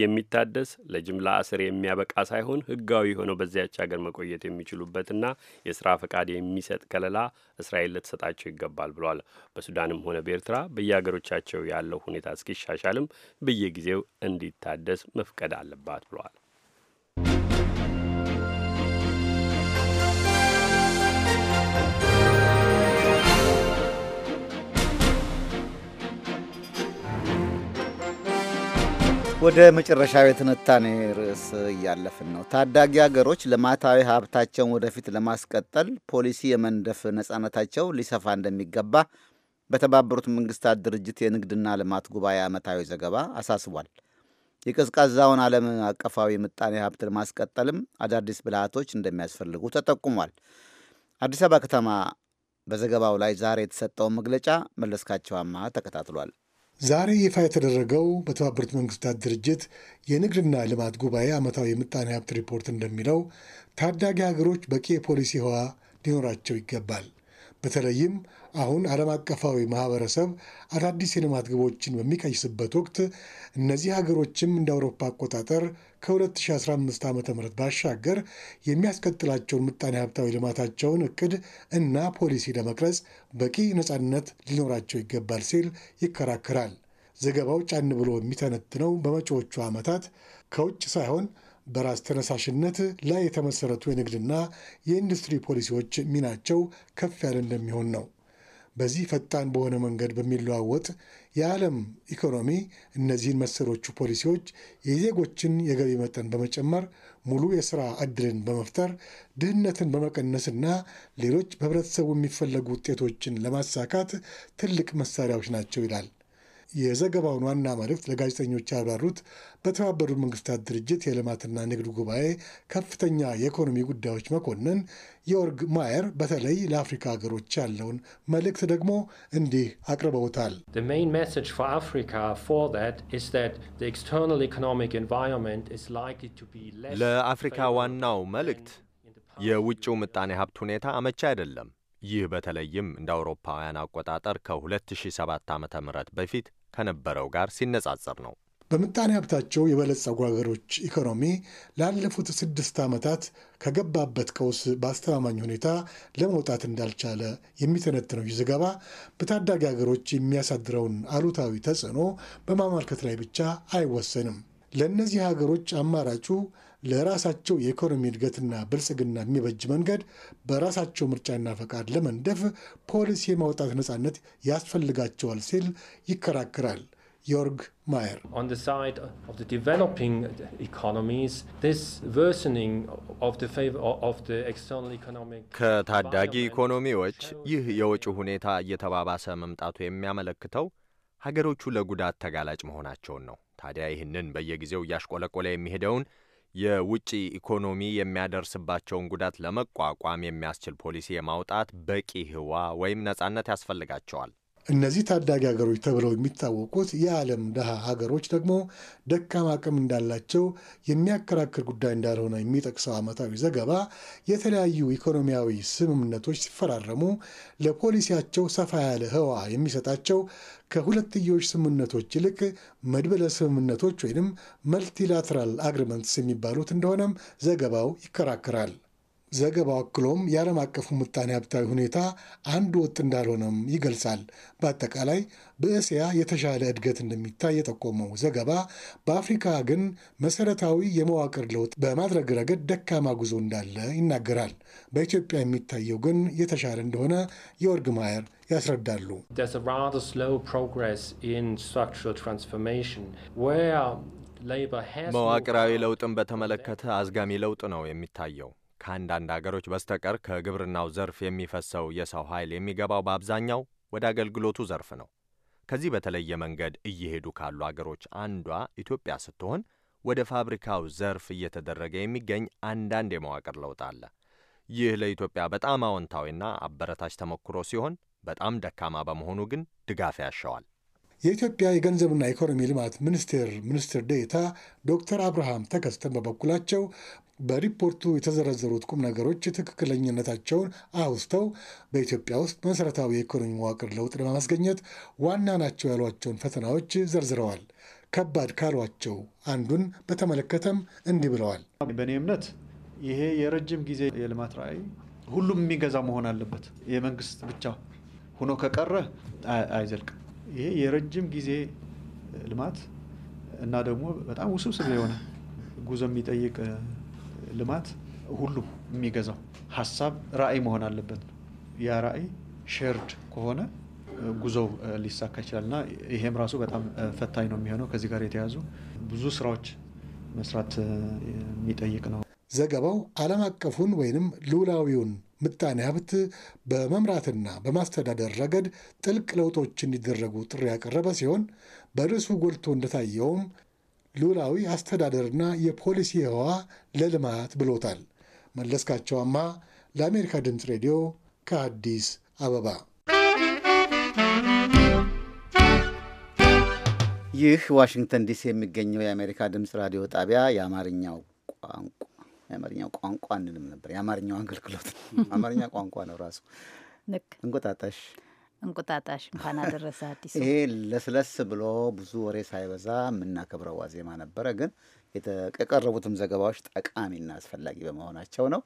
የሚታደስ ለጅምላ እስር የሚያበቃ ሳይሆን ሕጋዊ ሆነው በዚያች ሀገር መቆየት የሚችሉበትና የስራ ፈቃድ የሚሰጥ ከለላ እስራኤል ልትሰጣቸው ይገባል ብሏል። በሱዳንም ሆነ በኤርትራ በየሀገሮቻቸው ያለው ሁኔታ እስኪሻሻልም በየጊዜው እንዲታደስ መፍቀድ አለባት ብሏል። ወደ መጨረሻው የትንታኔ ርዕስ እያለፍን ነው። ታዳጊ ሀገሮች ልማታዊ ሀብታቸውን ወደፊት ለማስቀጠል ፖሊሲ የመንደፍ ነጻነታቸው ሊሰፋ እንደሚገባ በተባበሩት መንግስታት ድርጅት የንግድና ልማት ጉባኤ ዓመታዊ ዘገባ አሳስቧል። የቀዝቃዛውን ዓለም አቀፋዊ ምጣኔ ሀብት ለማስቀጠልም አዳዲስ ብልሃቶች እንደሚያስፈልጉ ተጠቁሟል። አዲስ አበባ ከተማ በዘገባው ላይ ዛሬ የተሰጠውን መግለጫ መለስካቸው አማ ተከታትሏል። ዛሬ ይፋ የተደረገው በተባበሩት መንግስታት ድርጅት የንግድና ልማት ጉባኤ ዓመታዊ የምጣኔ ሀብት ሪፖርት እንደሚለው ታዳጊ ሀገሮች በቂ የፖሊሲ ህዋ ሊኖራቸው ይገባል። በተለይም አሁን ዓለም አቀፋዊ ማህበረሰብ አዳዲስ የልማት ግቦችን በሚቀይስበት ወቅት እነዚህ ሀገሮችም እንደ አውሮፓ አቆጣጠር ከ2015 ዓ ም ባሻገር የሚያስቀጥላቸውን ምጣኔ ሀብታዊ ልማታቸውን እቅድ እና ፖሊሲ ለመቅረጽ በቂ ነፃነት ሊኖራቸው ይገባል ሲል ይከራከራል። ዘገባው ጫን ብሎ የሚተነትነው በመጪዎቹ ዓመታት ከውጭ ሳይሆን በራስ ተነሳሽነት ላይ የተመሰረቱ የንግድና የኢንዱስትሪ ፖሊሲዎች ሚናቸው ከፍ ያለ እንደሚሆን ነው። በዚህ ፈጣን በሆነ መንገድ በሚለዋወጥ የዓለም ኢኮኖሚ እነዚህን መሰሎቹ ፖሊሲዎች የዜጎችን የገቢ መጠን በመጨመር ሙሉ የሥራ ዕድልን በመፍጠር ድህነትን በመቀነስና ሌሎች በህብረተሰቡ የሚፈለጉ ውጤቶችን ለማሳካት ትልቅ መሳሪያዎች ናቸው ይላል። የዘገባውን ዋና መልእክት ለጋዜጠኞች ያብራሩት በተባበሩት መንግስታት ድርጅት የልማትና ንግድ ጉባኤ ከፍተኛ የኢኮኖሚ ጉዳዮች መኮንን ዮርግ ማየር በተለይ ለአፍሪካ ሀገሮች ያለውን መልእክት ደግሞ እንዲህ አቅርበውታል። ለአፍሪካ ዋናው መልእክት የውጭው ምጣኔ ሀብት ሁኔታ አመቻ አይደለም። ይህ በተለይም እንደ አውሮፓውያን አቆጣጠር ከ2007 ዓ ም በፊት ከነበረው ጋር ሲነጻጸር ነው። በምጣኔ ሀብታቸው የበለጸጉ ሀገሮች ኢኮኖሚ ላለፉት ስድስት ዓመታት ከገባበት ቀውስ በአስተማማኝ ሁኔታ ለመውጣት እንዳልቻለ የሚተነትነው ይህ ዘገባ በታዳጊ ሀገሮች የሚያሳድረውን አሉታዊ ተጽዕኖ በማመልከት ላይ ብቻ አይወሰንም። ለእነዚህ ሀገሮች አማራጩ ለራሳቸው የኢኮኖሚ እድገትና ብልጽግና የሚበጅ መንገድ በራሳቸው ምርጫና ፈቃድ ለመንደፍ ፖሊሲ የማውጣት ነፃነት ያስፈልጋቸዋል ሲል ይከራከራል ዮርግ ማየር። ከታዳጊ ኢኮኖሚዎች ይህ የወጪ ሁኔታ እየተባባሰ መምጣቱ የሚያመለክተው ሀገሮቹ ለጉዳት ተጋላጭ መሆናቸውን ነው። ታዲያ ይህንን በየጊዜው እያሽቆለቆለ የሚሄደውን የውጭ ኢኮኖሚ የሚያደርስባቸውን ጉዳት ለመቋቋም የሚያስችል ፖሊሲ የማውጣት በቂ ህዋ ወይም ነጻነት ያስፈልጋቸዋል። እነዚህ ታዳጊ ሀገሮች ተብለው የሚታወቁት የዓለም ድሃ ሀገሮች ደግሞ ደካማ አቅም እንዳላቸው የሚያከራክር ጉዳይ እንዳልሆነ የሚጠቅሰው ዓመታዊ ዘገባ የተለያዩ ኢኮኖሚያዊ ስምምነቶች ሲፈራረሙ ለፖሊሲያቸው ሰፋ ያለ ህዋ የሚሰጣቸው ከሁለትዮሽ ስምምነቶች ይልቅ መድበለ ስምምነቶች ወይንም መልቲላተራል አግሪመንትስ የሚባሉት እንደሆነም ዘገባው ይከራከራል። ዘገባው አክሎም የዓለም አቀፉ ምጣኔ ሀብታዊ ሁኔታ አንድ ወጥ እንዳልሆነም ይገልጻል። በአጠቃላይ በእስያ የተሻለ እድገት እንደሚታይ የጠቆመው ዘገባ በአፍሪካ ግን መሰረታዊ የመዋቅር ለውጥ በማድረግ ረገድ ደካማ ጉዞ እንዳለ ይናገራል። በኢትዮጵያ የሚታየው ግን የተሻለ እንደሆነ የወርግ ማየር ያስረዳሉ። መዋቅራዊ ለውጥን በተመለከተ አዝጋሚ ለውጥ ነው የሚታየው። ከአንዳንድ አገሮች በስተቀር ከግብርናው ዘርፍ የሚፈሰው የሰው ኃይል የሚገባው በአብዛኛው ወደ አገልግሎቱ ዘርፍ ነው። ከዚህ በተለየ መንገድ እየሄዱ ካሉ አገሮች አንዷ ኢትዮጵያ ስትሆን ወደ ፋብሪካው ዘርፍ እየተደረገ የሚገኝ አንዳንድ የመዋቅር ለውጥ አለ። ይህ ለኢትዮጵያ በጣም አዎንታዊና አበረታች ተሞክሮ ሲሆን በጣም ደካማ በመሆኑ ግን ድጋፍ ያሻዋል። የኢትዮጵያ የገንዘብና ኢኮኖሚ ልማት ሚኒስቴር ሚኒስትር ዴታ ዶክተር አብርሃም ተከስተን በበኩላቸው በሪፖርቱ የተዘረዘሩት ቁም ነገሮች ትክክለኝነታቸውን አውስተው በኢትዮጵያ ውስጥ መሠረታዊ የኢኮኖሚ መዋቅር ለውጥ ለማስገኘት ዋና ናቸው ያሏቸውን ፈተናዎች ዘርዝረዋል። ከባድ ካሏቸው አንዱን በተመለከተም እንዲህ ብለዋል። በእኔ እምነት ይሄ የረጅም ጊዜ የልማት ራዕይ ሁሉም የሚገዛ መሆን አለበት። የመንግስት ብቻ ሆኖ ከቀረ አይዘልቅም። ይሄ የረጅም ጊዜ ልማት እና ደግሞ በጣም ውስብስብ የሆነ ጉዞ የሚጠይቅ ልማት ሁሉም የሚገዛው ሀሳብ ራዕይ መሆን አለበት። ያ ራዕይ ሼርድ ከሆነ ጉዞው ሊሳካ ይችላል እና ይሄም ራሱ በጣም ፈታኝ ነው የሚሆነው። ከዚህ ጋር የተያዙ ብዙ ስራዎች መስራት የሚጠይቅ ነው። ዘገባው ዓለም አቀፉን ወይንም ልዑላዊውን ምጣኔ ሀብት በመምራትና በማስተዳደር ረገድ ጥልቅ ለውጦች እንዲደረጉ ጥሪ ያቀረበ ሲሆን በርዕሱ ጎልቶ እንደታየውም ሉላዊ አስተዳደርና የፖሊሲ ህዋ ለልማት ብሎታል። መለስካቸዋማ ለአሜሪካ ድምፅ ሬዲዮ ከአዲስ አበባ። ይህ ዋሽንግተን ዲሲ የሚገኘው የአሜሪካ ድምፅ ራዲዮ ጣቢያ የአማርኛው ቋንቋ የአማርኛው ቋንቋ አንልም ነበር የአማርኛው አገልግሎት አማርኛ ቋንቋ ነው ራሱ እንቆጣጣሽ እንቁጣጣሽ እንኳን አደረሰ አዲሱ። ይሄ ለስለስ ብሎ ብዙ ወሬ ሳይበዛ የምናከብረው ዋዜማ ነበረ፣ ግን የቀረቡትም ዘገባዎች ጠቃሚና አስፈላጊ በመሆናቸው ነው።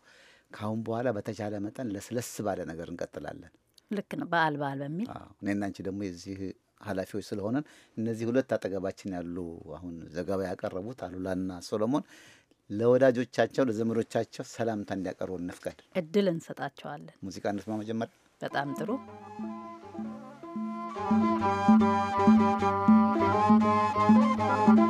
ካአሁን በኋላ በተቻለ መጠን ለስለስ ባለ ነገር እንቀጥላለን። ልክ ነው። በዓል በዓል በሚል እኔና አንቺ ደግሞ የዚህ ኃላፊዎች ስለሆነን እነዚህ ሁለት አጠገባችን ያሉ አሁን ዘገባ ያቀረቡት አሉላና ሶሎሞን ለወዳጆቻቸው ለዘመዶቻቸው ሰላምታ እንዲያቀርቡ እንፍቀድ፣ እድል እንሰጣቸዋለን። ሙዚቃ እንስማ መጀመሪያ። በጣም ጥሩ Thank you.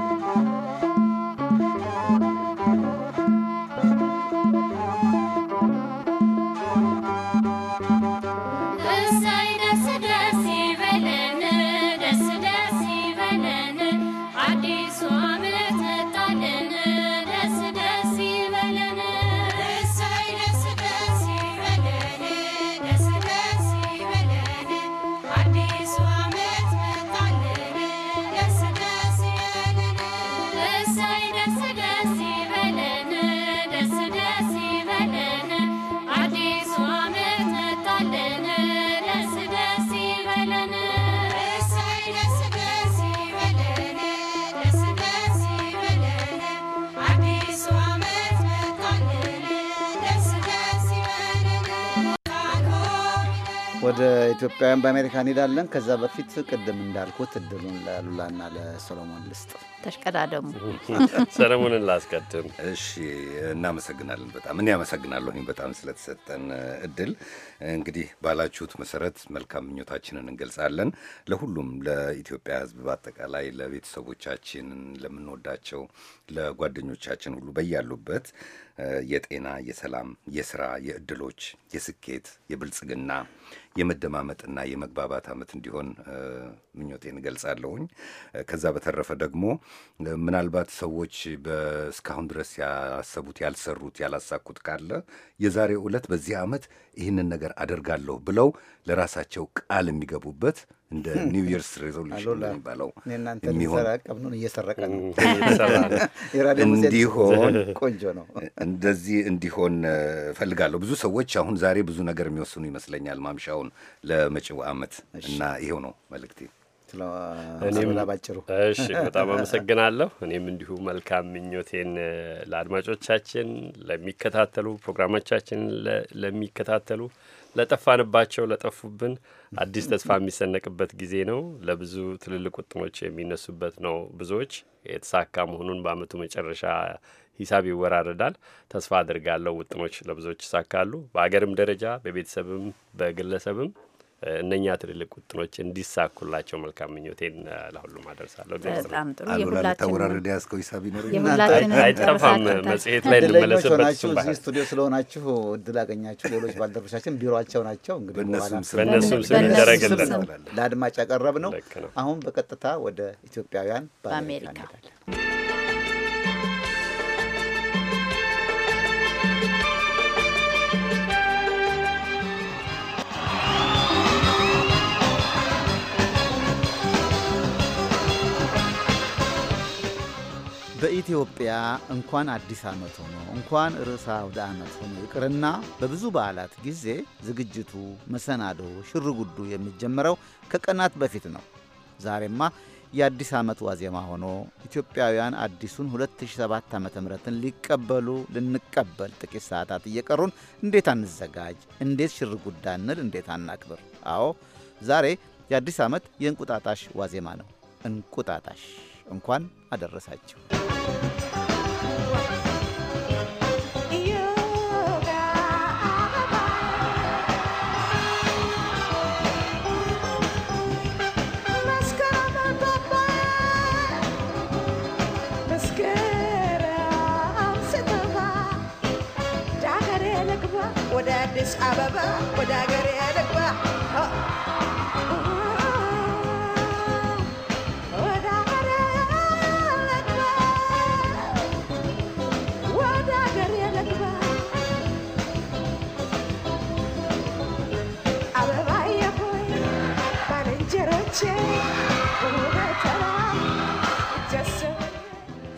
ኢትዮጵያውያን በአሜሪካ እንሄዳለን። ከዛ በፊት ቅድም እንዳልኩት እድሉን ለሉላና ለሰሎሞን ልስጥ። ተሽቀዳደሙ። ሰለሞንን ላስቀድም። እሺ፣ እናመሰግናለን በጣም እኔ አመሰግናለሁ በጣም ስለተሰጠን እድል። እንግዲህ ባላችሁት መሰረት መልካም ምኞታችንን እንገልጻለን ለሁሉም ለኢትዮጵያ ሕዝብ በአጠቃላይ ለቤተሰቦቻችን፣ ለምንወዳቸው ለጓደኞቻችን ሁሉ በያሉበት የጤና፣ የሰላም፣ የስራ፣ የእድሎች፣ የስኬት፣ የብልጽግና የመደማመጥና የመግባባት ዓመት እንዲሆን ምኞቴን እገልጻለሁኝ። ከዛ በተረፈ ደግሞ ምናልባት ሰዎች እስካሁን ድረስ ያሰቡት፣ ያልሰሩት፣ ያላሳኩት ካለ የዛሬው ዕለት በዚህ ዓመት ይህንን ነገር አደርጋለሁ ብለው ለራሳቸው ቃል የሚገቡበት እንደ ኒው ይርስ ሬዞሉሽን የሚባለው እንዲሆን ቆንጆ ነው። እንደዚህ እንዲሆን ፈልጋለሁ። ብዙ ሰዎች አሁን ዛሬ ብዙ ነገር የሚወስኑ ይመስለኛል ማምሻውን ለመጪው ዓመት እና ይሄው ነው መልእክቴ። እሺ፣ በጣም አመሰግናለሁ። እኔም እንዲሁ መልካም ምኞቴን ለአድማጮቻችን ለሚከታተሉ ፕሮግራሞቻችን ለሚከታተሉ ለጠፋንባቸው ለጠፉብን አዲስ ተስፋ የሚሰነቅበት ጊዜ ነው። ለብዙ ትልልቅ ውጥኖች የሚነሱበት ነው። ብዙዎች የተሳካ መሆኑን በአመቱ መጨረሻ ሂሳብ ይወራረዳል። ተስፋ አድርጋለሁ ውጥኖች ለብዙዎች ይሳካሉ። በአገርም ደረጃ በቤተሰብም በግለሰብም እነኛ ትልልቅ ውጥኖች እንዲሳኩላቸው መልካም ምኞቴን ለሁሉም አደርሳለሁ። በጣም ጥሩ የሁላችንም ያስከው ሂሳብ አይጠፋም። መጽሔት ላይ እንመለስበት። እዚህ ስቱዲዮ ስለሆናችሁ እድል አገኛችሁ። ሌሎች ባልደረቦቻችን ቢሮቸው ናቸው። እንግዲህ በእነሱም ስም እንደረግለን ለአድማጭ ያቀረብ ነው። አሁን በቀጥታ ወደ ኢትዮጵያውያን በአሜሪካ እንሄዳለን። በኢትዮጵያ እንኳን አዲስ ዓመት ሆኖ እንኳን ርዕሰ አውደ ዓመት ሆኖ ይቅርና በብዙ በዓላት ጊዜ ዝግጅቱ፣ መሰናዶ፣ ሽርጉዱ የሚጀምረው ከቀናት በፊት ነው። ዛሬማ የአዲስ ዓመት ዋዜማ ሆኖ ኢትዮጵያውያን አዲሱን 2007 ዓ.ም ሊቀበሉ ልንቀበል ጥቂት ሰዓታት እየቀሩን እንዴት አንዘጋጅ? እንዴት ሽርጉዳ እንል? እንዴት አናክብር? አዎ ዛሬ የአዲስ ዓመት የእንቁጣጣሽ ዋዜማ ነው። እንቁጣጣሽ እንኳን አደረሳችሁ።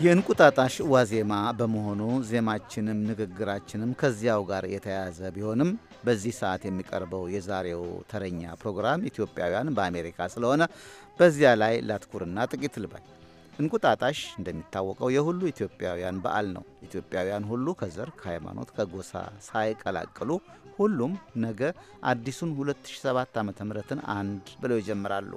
የእንቁጣጣሽ ዋዜማ በመሆኑ ዜማችንም ንግግራችንም ከዚያው ጋር የተያያዘ ቢሆንም በዚህ ሰዓት የሚቀርበው የዛሬው ተረኛ ፕሮግራም ኢትዮጵያውያን በአሜሪካ ስለሆነ በዚያ ላይ ላትኩርና ጥቂት ልበል። እንቁጣጣሽ እንደሚታወቀው የሁሉ ኢትዮጵያውያን በዓል ነው። ኢትዮጵያውያን ሁሉ ከዘር፣ ከሃይማኖት፣ ከጎሳ ሳይቀላቅሉ ሁሉም ነገ አዲሱን 2007 ምትን አንድ ብለው ይጀምራሉ።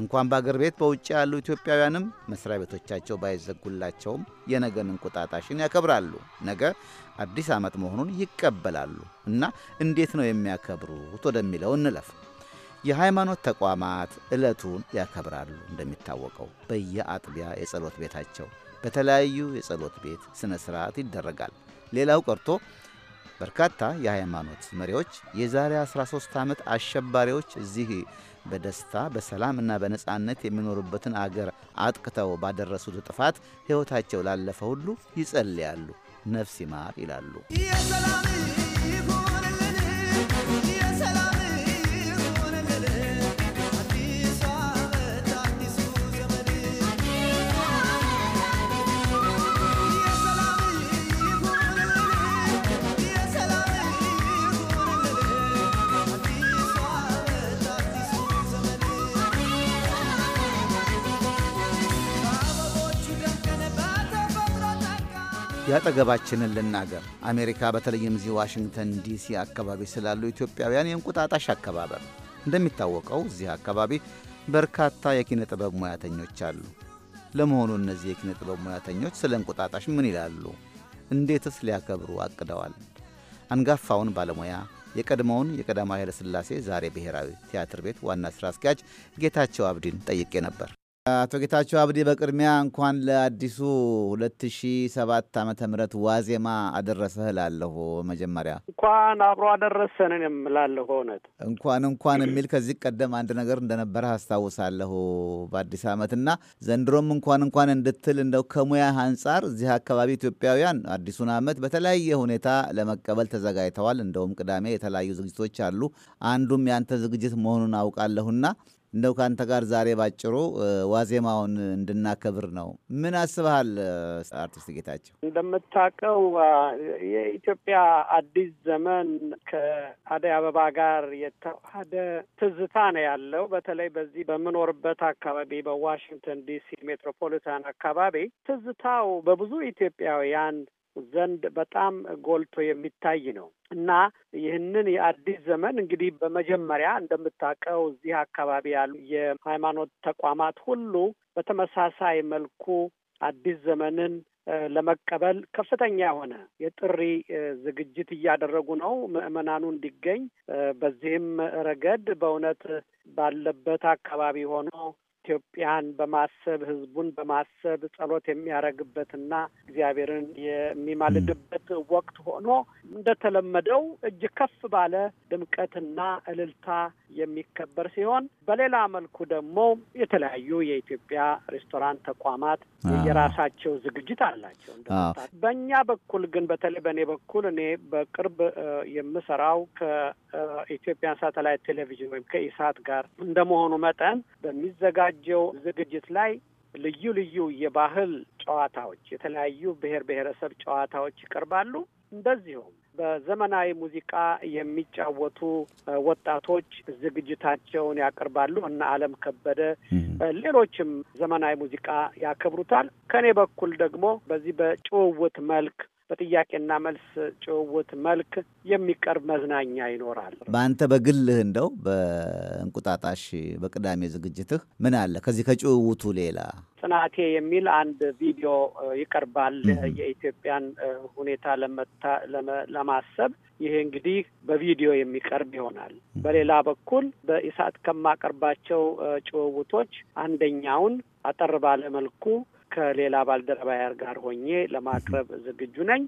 እንኳን በአገር ቤት በውጭ ያሉ ኢትዮጵያውያንም መስሪያ ቤቶቻቸው ባይዘጉላቸውም የነገን እንቁጣጣሽን ያከብራሉ። ነገ አዲስ ዓመት መሆኑን ይቀበላሉ እና እንዴት ነው የሚያከብሩት ወደሚለው እንለፍ። የሃይማኖት ተቋማት ዕለቱን ያከብራሉ። እንደሚታወቀው በየአጥቢያ የጸሎት ቤታቸው በተለያዩ የጸሎት ቤት ሥነ ሥርዓት ይደረጋል። ሌላው ቀርቶ በርካታ የሃይማኖት መሪዎች የዛሬ 13 ዓመት አሸባሪዎች እዚህ በደስታ በሰላምና በነጻነት የሚኖሩበትን አገር አጥቅተው ባደረሱት ጥፋት ሕይወታቸው ላለፈ ሁሉ ይጸልያሉ፣ ነፍስ ይማር ይላሉ። ያጠገባችንን ልናገር። አሜሪካ በተለይም እዚህ ዋሽንግተን ዲሲ አካባቢ ስላሉ ኢትዮጵያውያን የእንቁጣጣሽ አከባበር። እንደሚታወቀው እዚህ አካባቢ በርካታ የኪነ ጥበብ ሙያተኞች አሉ። ለመሆኑ እነዚህ የኪነ ጥበብ ሙያተኞች ስለ እንቁጣጣሽ ምን ይላሉ? እንዴትስ ሊያከብሩ አቅደዋል? አንጋፋውን ባለሙያ የቀድሞውን የቀዳማዊ ኃይለሥላሴ ዛሬ ብሔራዊ ቲያትር ቤት ዋና ሥራ አስኪያጅ ጌታቸው አብዲን ጠይቄ ነበር። አቶ ጌታቸው አብዲ በቅድሚያ እንኳን ለአዲሱ 2007 ዓመተ ምህረት ዋዜማ አደረሰህ እላለሁ። መጀመሪያ እንኳን አብሮ አደረሰንን የምላለሁ። እውነት እንኳን እንኳን የሚል ከዚህ ቀደም አንድ ነገር እንደነበረ አስታውሳለሁ በአዲስ ዓመት እና ዘንድሮም እንኳን እንኳን እንድትል እንደው ከሙያህ አንጻር እዚህ አካባቢ ኢትዮጵያውያን አዲሱን ዓመት በተለያየ ሁኔታ ለመቀበል ተዘጋጅተዋል። እንደውም ቅዳሜ የተለያዩ ዝግጅቶች አሉ። አንዱም ያንተ ዝግጅት መሆኑን አውቃለሁና እንደው ከአንተ ጋር ዛሬ ባጭሩ ዋዜማውን እንድናከብር ነው። ምን አስበሃል አርቲስት ጌታቸው? እንደምታውቀው የኢትዮጵያ አዲስ ዘመን ከአደይ አበባ ጋር የተዋሃደ ትዝታ ነው ያለው። በተለይ በዚህ በምኖርበት አካባቢ በዋሽንግተን ዲሲ ሜትሮፖሊታን አካባቢ ትዝታው በብዙ ኢትዮጵያውያን ዘንድ በጣም ጎልቶ የሚታይ ነው እና ይህንን የአዲስ ዘመን እንግዲህ በመጀመሪያ እንደምታውቀው እዚህ አካባቢ ያሉ የሃይማኖት ተቋማት ሁሉ በተመሳሳይ መልኩ አዲስ ዘመንን ለመቀበል ከፍተኛ የሆነ የጥሪ ዝግጅት እያደረጉ ነው፣ ምዕመናኑ እንዲገኝ። በዚህም ረገድ በእውነት ባለበት አካባቢ ሆኖ ኢትዮጵያን በማሰብ ህዝቡን በማሰብ ጸሎት የሚያደርግበትና እግዚአብሔርን የሚማልድበት ወቅት ሆኖ እንደተለመደው እጅ ከፍ ባለ ድምቀትና እልልታ የሚከበር ሲሆን በሌላ መልኩ ደግሞ የተለያዩ የኢትዮጵያ ሬስቶራንት ተቋማት የራሳቸው ዝግጅት አላቸው። በእኛ በኩል ግን በተለይ በእኔ በኩል እኔ በቅርብ የምሰራው ከኢትዮጵያን ሳተላይት ቴሌቪዥን ወይም ከኢሳት ጋር እንደመሆኑ መጠን በሚዘጋ በተዘጋጀው ዝግጅት ላይ ልዩ ልዩ የባህል ጨዋታዎች፣ የተለያዩ ብሔር ብሔረሰብ ጨዋታዎች ይቀርባሉ። እንደዚሁም በዘመናዊ ሙዚቃ የሚጫወቱ ወጣቶች ዝግጅታቸውን ያቀርባሉ እና አለም ከበደ ሌሎችም ዘመናዊ ሙዚቃ ያከብሩታል። ከኔ በኩል ደግሞ በዚህ በጭውውት መልክ በጥያቄና መልስ ጭውውት መልክ የሚቀርብ መዝናኛ ይኖራል። በአንተ በግልህ እንደው በእንቁጣጣሽ በቅዳሜ ዝግጅትህ ምን አለ ከዚህ ከጭውውቱ ሌላ? ጽናቴ የሚል አንድ ቪዲዮ ይቀርባል። የኢትዮጵያን ሁኔታ ለማሰብ ይሄ እንግዲህ በቪዲዮ የሚቀርብ ይሆናል። በሌላ በኩል በኢሳት ከማቀርባቸው ጭውውቶች አንደኛውን አጠር ባለ መልኩ ከሌላ ባልደረባያር ጋር ሆኜ ለማቅረብ ዝግጁ ነኝ።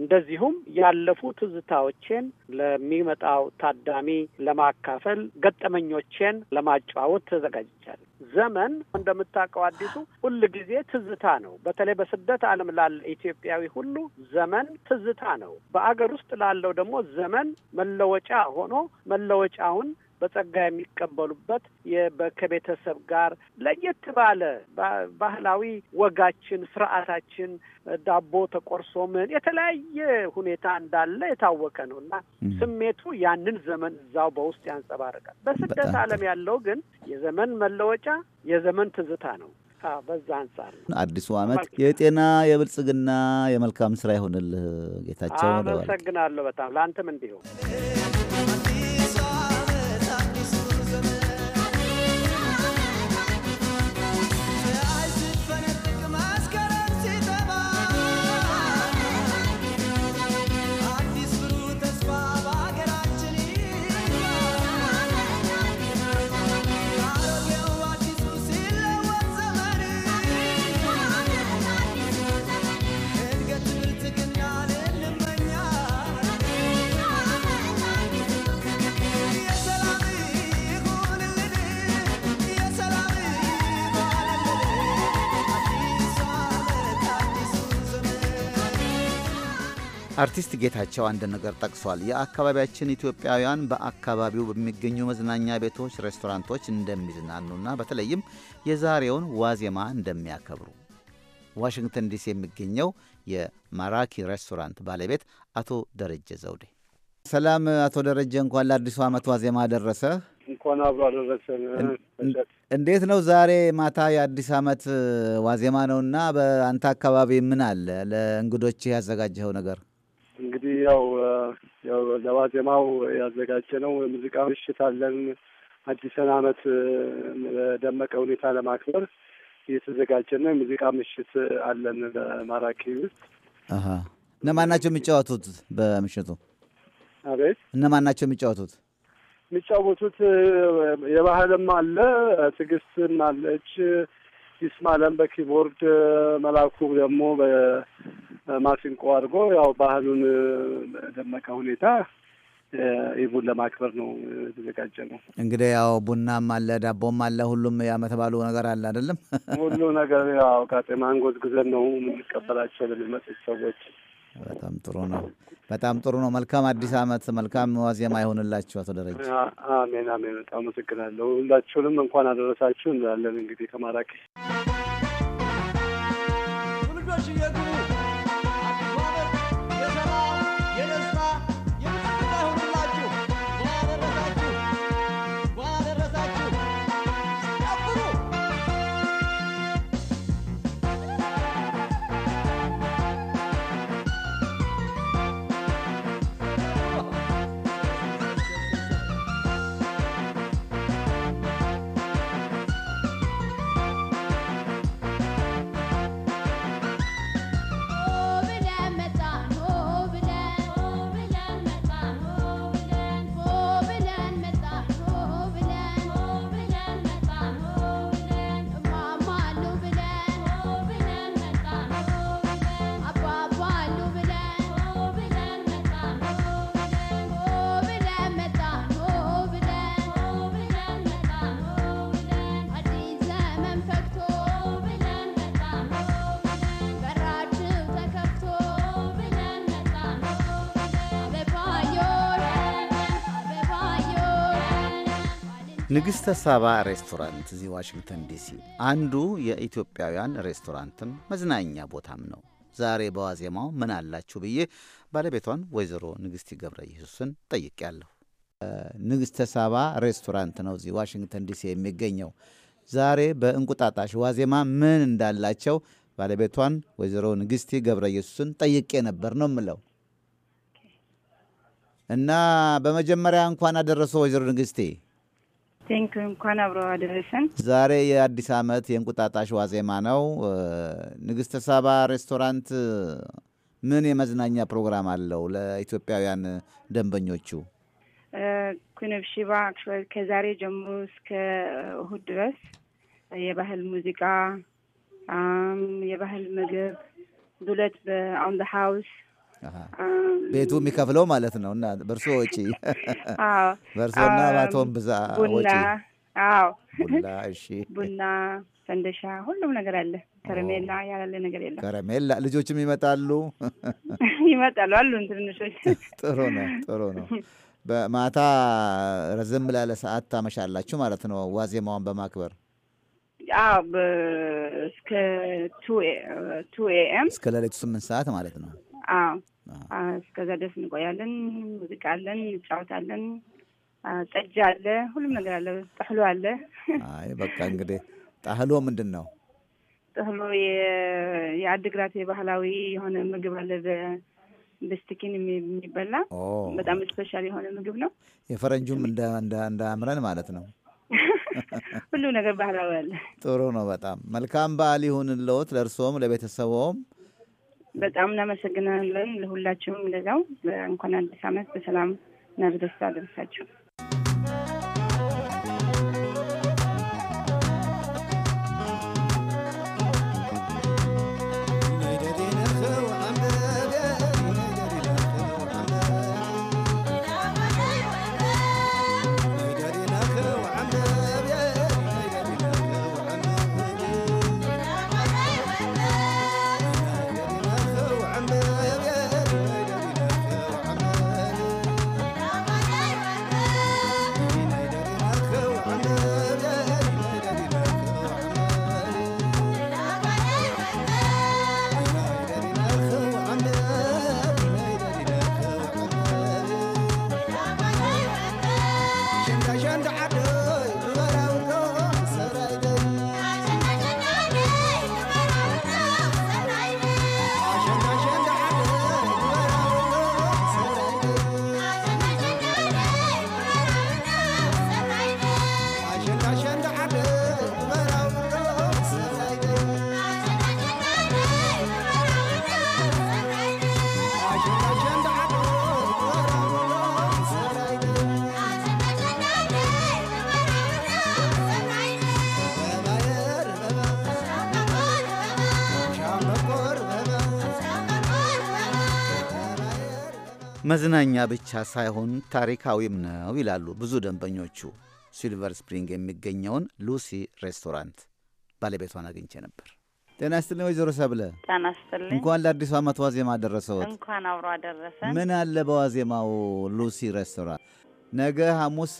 እንደዚሁም ያለፉ ትዝታዎቼን ለሚመጣው ታዳሚ ለማካፈል፣ ገጠመኞቼን ለማጫወት ተዘጋጅቻለሁ። ዘመን እንደምታውቀው አዲሱ ሁል ጊዜ ትዝታ ነው። በተለይ በስደት ዓለም ላለ ኢትዮጵያዊ ሁሉ ዘመን ትዝታ ነው። በአገር ውስጥ ላለው ደግሞ ዘመን መለወጫ ሆኖ መለወጫውን በጸጋ የሚቀበሉበት ከቤተሰብ ጋር ለየት ባለ ባህላዊ ወጋችን፣ ስርዓታችን ዳቦ ተቆርሶ ምን የተለያየ ሁኔታ እንዳለ የታወቀ ነው እና ስሜቱ ያንን ዘመን እዛው በውስጥ ያንጸባርቃል። በስደት ዓለም ያለው ግን የዘመን መለወጫ የዘመን ትዝታ ነው። በዛ አንጻር አዲሱ ዓመት የጤና የብልጽግና የመልካም ስራ ይሆንልህ ጌታቸው። አመሰግናለሁ በጣም ለአንተም እንዲሁ አርቲስት ጌታቸው አንድ ነገር ጠቅሷል። የአካባቢያችን ኢትዮጵያውያን በአካባቢው በሚገኙ መዝናኛ ቤቶች፣ ሬስቶራንቶች እንደሚዝናኑና በተለይም የዛሬውን ዋዜማ እንደሚያከብሩ ዋሽንግተን ዲሲ የሚገኘው የማራኪ ሬስቶራንት ባለቤት አቶ ደረጀ ዘውዴ። ሰላም አቶ ደረጀ፣ እንኳን ለአዲሱ ዓመት ዋዜማ ደረሰ። እንኳን አብሮ አደረሰ። እንዴት ነው ዛሬ ማታ የአዲስ ዓመት ዋዜማ ነውና በአንተ አካባቢ ምን አለ? ለእንግዶች ያዘጋጀኸው ነገር እንግዲህ ያው ያው ለዋዜማው ነው የሙዚቃ ምሽት አለን። አዲስን ዓመት በደመቀ ሁኔታ ለማክበር እየተዘጋጀ ነው የሙዚቃ ምሽት አለን በማራኪ ውስጥ። እነማን ናቸው የሚጫወቱት በምሽቱ? አቤት፣ እነማን ናቸው የሚጫወቱት? የሚጫወቱት የባህልም አለ፣ ትዕግስትም አለች ይስማለን በኪቦርድ መላኩ ደግሞ በማሲንቆ አድርጎ ያው ባህሉን በደመቀ ሁኔታ ኢቡን ለማክበር ነው የተዘጋጀ ነው። እንግዲህ ያው ቡናም አለ፣ ዳቦም አለ፣ ሁሉም ያመት ባሉ ነገር አለ አይደለም። ሁሉ ነገር ያው ቃጤ ማንጎዝጉዘን ነው የምንቀበላቸው ለሚመጡት ሰዎች። በጣም ጥሩ ነው። በጣም ጥሩ ነው። መልካም አዲስ ዓመት መልካም ዋዜማ ይሆንላችሁ አቶ ደረጀ። አሜን አሜን። በጣም አመሰግናለሁ። ሁላችሁንም እንኳን አደረሳችሁ እንላለን እንግዲህ ከማራኪ ንግሥተ ሳባ ሬስቶራንት እዚህ ዋሽንግተን ዲሲ አንዱ የኢትዮጵያውያን ሬስቶራንትም መዝናኛ ቦታም ነው። ዛሬ በዋዜማው ምን አላችሁ ብዬ ባለቤቷን ወይዘሮ ንግሥቲ ገብረ ኢየሱስን ጠይቄያለሁ። ንግሥተ ሳባ ሬስቶራንት ነው እዚህ ዋሽንግተን ዲሲ የሚገኘው። ዛሬ በእንቁጣጣሽ ዋዜማ ምን እንዳላቸው ባለቤቷን ወይዘሮ ንግሥቲ ገብረ ኢየሱስን ጠይቄ ነበር ነው የምለው እና በመጀመሪያ እንኳን አደረሰው ወይዘሮ ንግሥቴ ቴንክ እንኳን አብረ አደረሰን። ዛሬ የአዲስ ዓመት የእንቁጣጣሽ ዋዜማ ነው። ንግሥተ ሳባ ሬስቶራንት ምን የመዝናኛ ፕሮግራም አለው ለኢትዮጵያውያን ደንበኞቹ? ኩንብ ሺባ ከዛሬ ጀምሮ እስከ እሁድ ድረስ የባህል ሙዚቃ፣ የባህል ምግብ፣ ዱለት በኦን ሀውስ ቤቱ የሚከፍለው ማለት ነው። እና በእርሶ ወጪ በእርሶና ባቶን ብዛ ወጪ ቡና፣ እሺ፣ ቡና፣ ፈንደሻ ሁሉም ነገር አለ። ከረሜላ ያላለ ነገር የለም። ከረሜላ ልጆችም ይመጣሉ ይመጣሉ አሉ ትንሾች። ጥሩ ነው፣ ጥሩ ነው። በማታ ረዘም ላለ ሰዓት ታመሻላችሁ ማለት ነው፣ ዋዜማዋን በማክበር እስከ ቱ ኤ ኤም እስከ ሌሊቱ ስምንት ሰዓት ማለት ነው። እስከዛ ድረስ እንቆያለን። ሙዚቃ አለን፣ እንጫወታለን። ጠጅ አለ፣ ሁሉም ነገር አለ። ጣህሎ አለ። አይ በቃ እንግዲህ ጣህሎ ምንድን ነው? ጠህሎ የአድግራት የባህላዊ የሆነ ምግብ አለ በስቲኪን የሚበላ በጣም ስፔሻል የሆነ ምግብ ነው። የፈረንጁም እንዳምረን ማለት ነው። ሁሉም ነገር ባህላዊ አለ። ጥሩ ነው። በጣም መልካም በዓል ይሁን ለዎት ለእርስዎም ለቤተሰቦም በጣም እናመሰግናለን። ለሁላችሁም እንደዛው እንኳን አዲስ አመት በሰላም እና በደስታ አደረሳችሁ። መዝናኛ ብቻ ሳይሆን ታሪካዊም ነው ይላሉ ብዙ ደንበኞቹ። ሲልቨር ስፕሪንግ የሚገኘውን ሉሲ ሬስቶራንት ባለቤቷን አግኝቼ ነበር። ጤና ይስጥልኝ ወይዘሮ ሰብለ። ጤና ይስጥልኝ። እንኳን ለአዲሱ ዓመት ዋዜማ አደረሰዎት። እንኳን አብሮ አደረሰን። ምን አለ በዋዜማው ሉሲ ሬስቶራንት ነገ ሐሙስ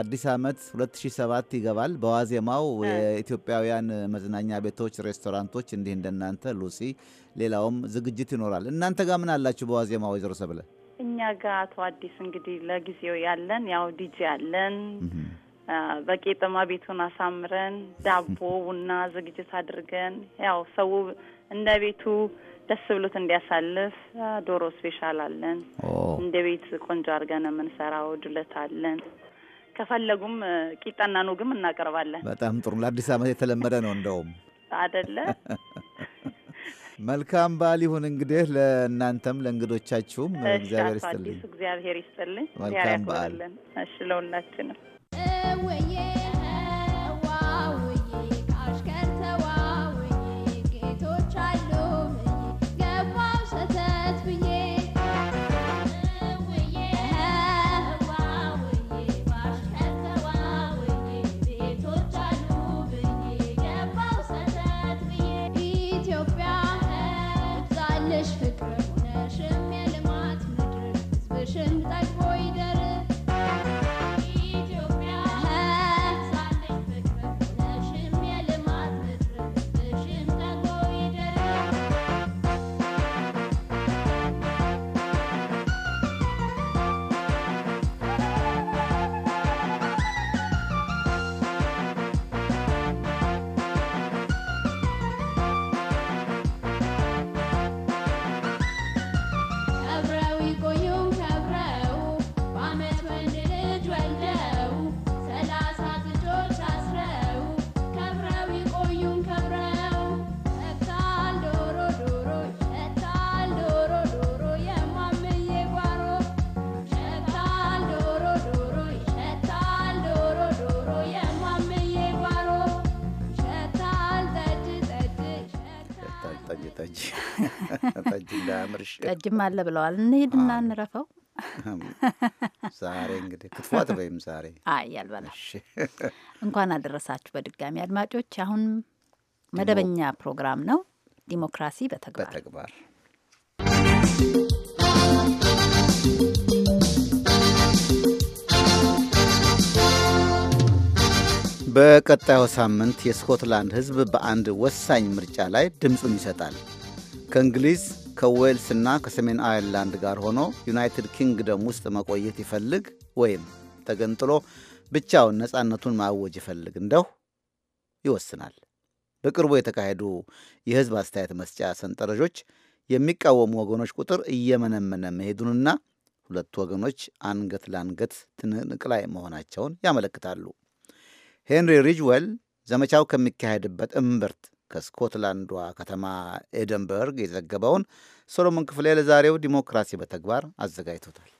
አዲስ ዓመት 2007 ይገባል። በዋዜማው የኢትዮጵያውያን መዝናኛ ቤቶች፣ ሬስቶራንቶች እንዲህ እንደናንተ ሉሲ፣ ሌላውም ዝግጅት ይኖራል። እናንተ ጋር ምን አላችሁ በዋዜማ ወይዘሮ ሰብለ? እኛ ጋር አቶ አዲስ እንግዲህ ለጊዜው ያለን ያው ዲጂ አለን። በቄጠማ ቤቱን አሳምረን ዳቦ ቡና ዝግጅት አድርገን ያው ሰው እንደ ቤቱ ደስ ብሎት እንዲያሳልፍ ዶሮ ስፔሻል አለን። እንደ ቤት ቆንጆ አድርገን የምንሰራው ዱለት አለን። ከፈለጉም ቂጣና ኑግም እናቀርባለን። በጣም ጥሩ። ለአዲስ ዓመት የተለመደ ነው እንደውም አደለ። መልካም በዓል ይሁን እንግዲህ ለእናንተም ለእንግዶቻችሁም። እግዚአብሔር ይስጥልኝ። እግዚአብሔር ይስጥልኝ። መልካም በዓል። እሺ ለሁላችንም ጠጅም አለ ብለዋል። እንሄድና እንረፈው። ዛሬ እንግዲህ ክትፎ አትበይም? ዛሬ አያልበላ። እንኳን አደረሳችሁ በድጋሚ አድማጮች። አሁን መደበኛ ፕሮግራም ነው ዲሞክራሲ በተግባር በቀጣዩ ሳምንት የስኮትላንድ ሕዝብ በአንድ ወሳኝ ምርጫ ላይ ድምፁን ይሰጣል። ከእንግሊዝ ከዌልስና ከሰሜን አየርላንድ ጋር ሆኖ ዩናይትድ ኪንግደም ውስጥ መቆየት ይፈልግ ወይም ተገንጥሎ ብቻውን ነፃነቱን ማወጅ ይፈልግ እንደው ይወስናል። በቅርቡ የተካሄዱ የሕዝብ አስተያየት መስጫ ሰንጠረዦች የሚቃወሙ ወገኖች ቁጥር እየመነመነ መሄዱንና ሁለቱ ወገኖች አንገት ለአንገት ትንቅንቅ ላይ መሆናቸውን ያመለክታሉ። ሄንሪ ሪጅዌል ዘመቻው ከሚካሄድበት እምብርት ከስኮትላንዷ ከተማ ኤደንበርግ የዘገበውን ሶሎሞን ክፍሌ ለዛሬው ዲሞክራሲ በተግባር አዘጋጅቶታል።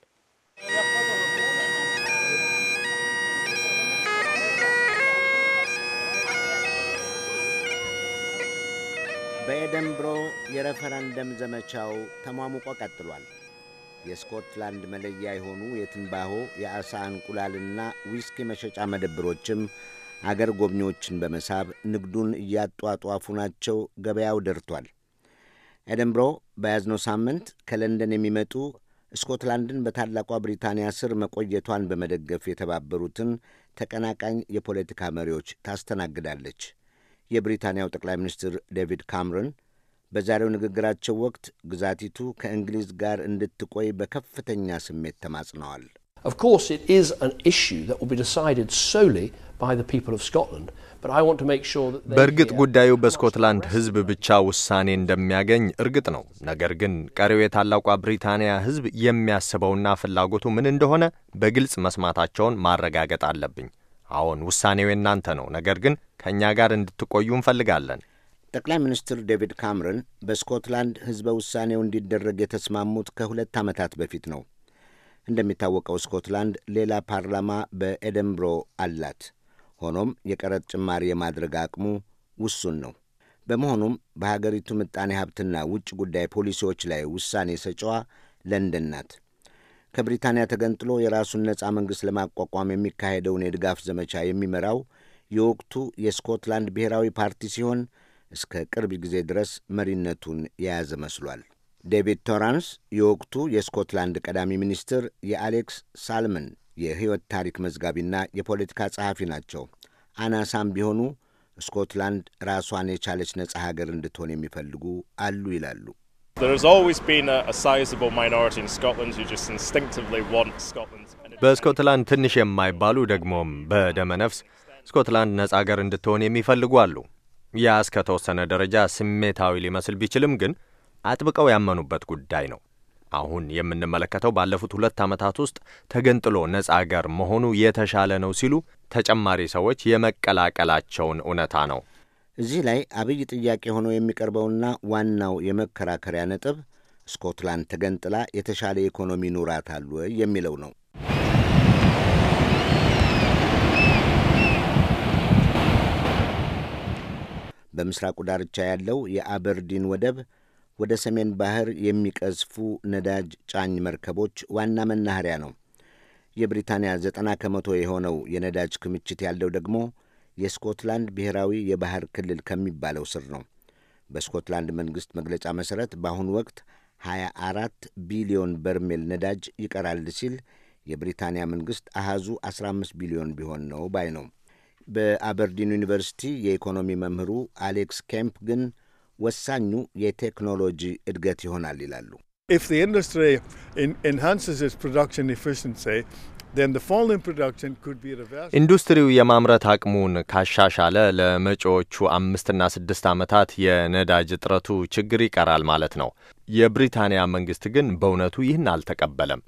በኤደንብሮ የረፈረንደም ዘመቻው ተሟሙቆ ቀጥሏል። የስኮትላንድ መለያ የሆኑ የትንባሆ፣ የአሳ እንቁላልና ዊስኪ መሸጫ መደብሮችም አገር ጎብኚዎችን በመሳብ ንግዱን እያጧጧፉ ናቸው። ገበያው ደርቷል። ኤደንብሮ በያዝነው ሳምንት ከለንደን የሚመጡ ስኮትላንድን በታላቋ ብሪታንያ ስር መቆየቷን በመደገፍ የተባበሩትን ተቀናቃኝ የፖለቲካ መሪዎች ታስተናግዳለች። የብሪታንያው ጠቅላይ ሚኒስትር ዴቪድ ካምሮን በዛሬው ንግግራቸው ወቅት ግዛቲቱ ከእንግሊዝ ጋር እንድትቆይ በከፍተኛ ስሜት ተማጽነዋል። ኦፍ ኮርስ ኢሹ ዛት በእርግጥ ጉዳዩ በስኮትላንድ ሕዝብ ብቻ ውሳኔ እንደሚያገኝ እርግጥ ነው። ነገር ግን ቀሪው የታላቋ ብሪታንያ ሕዝብ የሚያስበውና ፍላጎቱ ምን እንደሆነ በግልጽ መስማታቸውን ማረጋገጥ አለብኝ። አዎን፣ ውሳኔው የእናንተ ነው፣ ነገር ግን ከእኛ ጋር እንድትቆዩ እንፈልጋለን። ጠቅላይ ሚኒስትር ዴቪድ ካምረን በስኮትላንድ ሕዝበ ውሳኔው እንዲደረግ የተስማሙት ከሁለት ዓመታት በፊት ነው። እንደሚታወቀው ስኮትላንድ ሌላ ፓርላማ በኤደንብሮ አላት። ሆኖም የቀረጥ ጭማሪ የማድረግ አቅሙ ውሱን ነው። በመሆኑም በሀገሪቱ ምጣኔ ሀብትና ውጭ ጉዳይ ፖሊሲዎች ላይ ውሳኔ ሰጫዋ ለንደን ናት። ከብሪታንያ ተገንጥሎ የራሱን ነፃ መንግሥት ለማቋቋም የሚካሄደውን የድጋፍ ዘመቻ የሚመራው የወቅቱ የስኮትላንድ ብሔራዊ ፓርቲ ሲሆን እስከ ቅርብ ጊዜ ድረስ መሪነቱን የያዘ መስሏል። ዴቪድ ቶራንስ የወቅቱ የስኮትላንድ ቀዳሚ ሚኒስትር የአሌክስ ሳልመን የሕይወት ታሪክ መዝጋቢና የፖለቲካ ጸሐፊ ናቸው። አናሳም ቢሆኑ ስኮትላንድ ራሷን የቻለች ነጻ ሀገር እንድትሆን የሚፈልጉ አሉ ይላሉ። በስኮትላንድ ትንሽ የማይባሉ ደግሞም በደመ ነፍስ ስኮትላንድ ነጻ ሀገር እንድትሆን የሚፈልጉ አሉ። ያ እስከ ተወሰነ ደረጃ ስሜታዊ ሊመስል ቢችልም ግን አጥብቀው ያመኑበት ጉዳይ ነው። አሁን የምንመለከተው ባለፉት ሁለት ዓመታት ውስጥ ተገንጥሎ ነጻ አገር መሆኑ የተሻለ ነው ሲሉ ተጨማሪ ሰዎች የመቀላቀላቸውን እውነታ ነው። እዚህ ላይ አብይ ጥያቄ ሆኖ የሚቀርበውና ዋናው የመከራከሪያ ነጥብ ስኮትላንድ ተገንጥላ የተሻለ ኢኮኖሚ ኑራታል ወይ የሚለው ነው። በምስራቁ ዳርቻ ያለው የአበርዲን ወደብ ወደ ሰሜን ባህር የሚቀዝፉ ነዳጅ ጫኝ መርከቦች ዋና መናኸሪያ ነው። የብሪታንያ ዘጠና ከመቶ የሆነው የነዳጅ ክምችት ያለው ደግሞ የስኮትላንድ ብሔራዊ የባህር ክልል ከሚባለው ስር ነው። በስኮትላንድ መንግሥት መግለጫ መሠረት በአሁኑ ወቅት 24 ቢሊዮን በርሜል ነዳጅ ይቀራል ሲል የብሪታንያ መንግሥት አሃዙ 15 ቢሊዮን ቢሆን ነው ባይ ነው። በአበርዲን ዩኒቨርሲቲ የኢኮኖሚ መምህሩ አሌክስ ኬምፕ ግን ወሳኙ የቴክኖሎጂ እድገት ይሆናል ይላሉ። ኢንዱስትሪው የማምረት አቅሙን ካሻሻለ ለመጪዎቹ አምስትና ስድስት ዓመታት የነዳጅ እጥረቱ ችግር ይቀራል ማለት ነው። የብሪታንያ መንግሥት ግን በእውነቱ ይህን አልተቀበለም።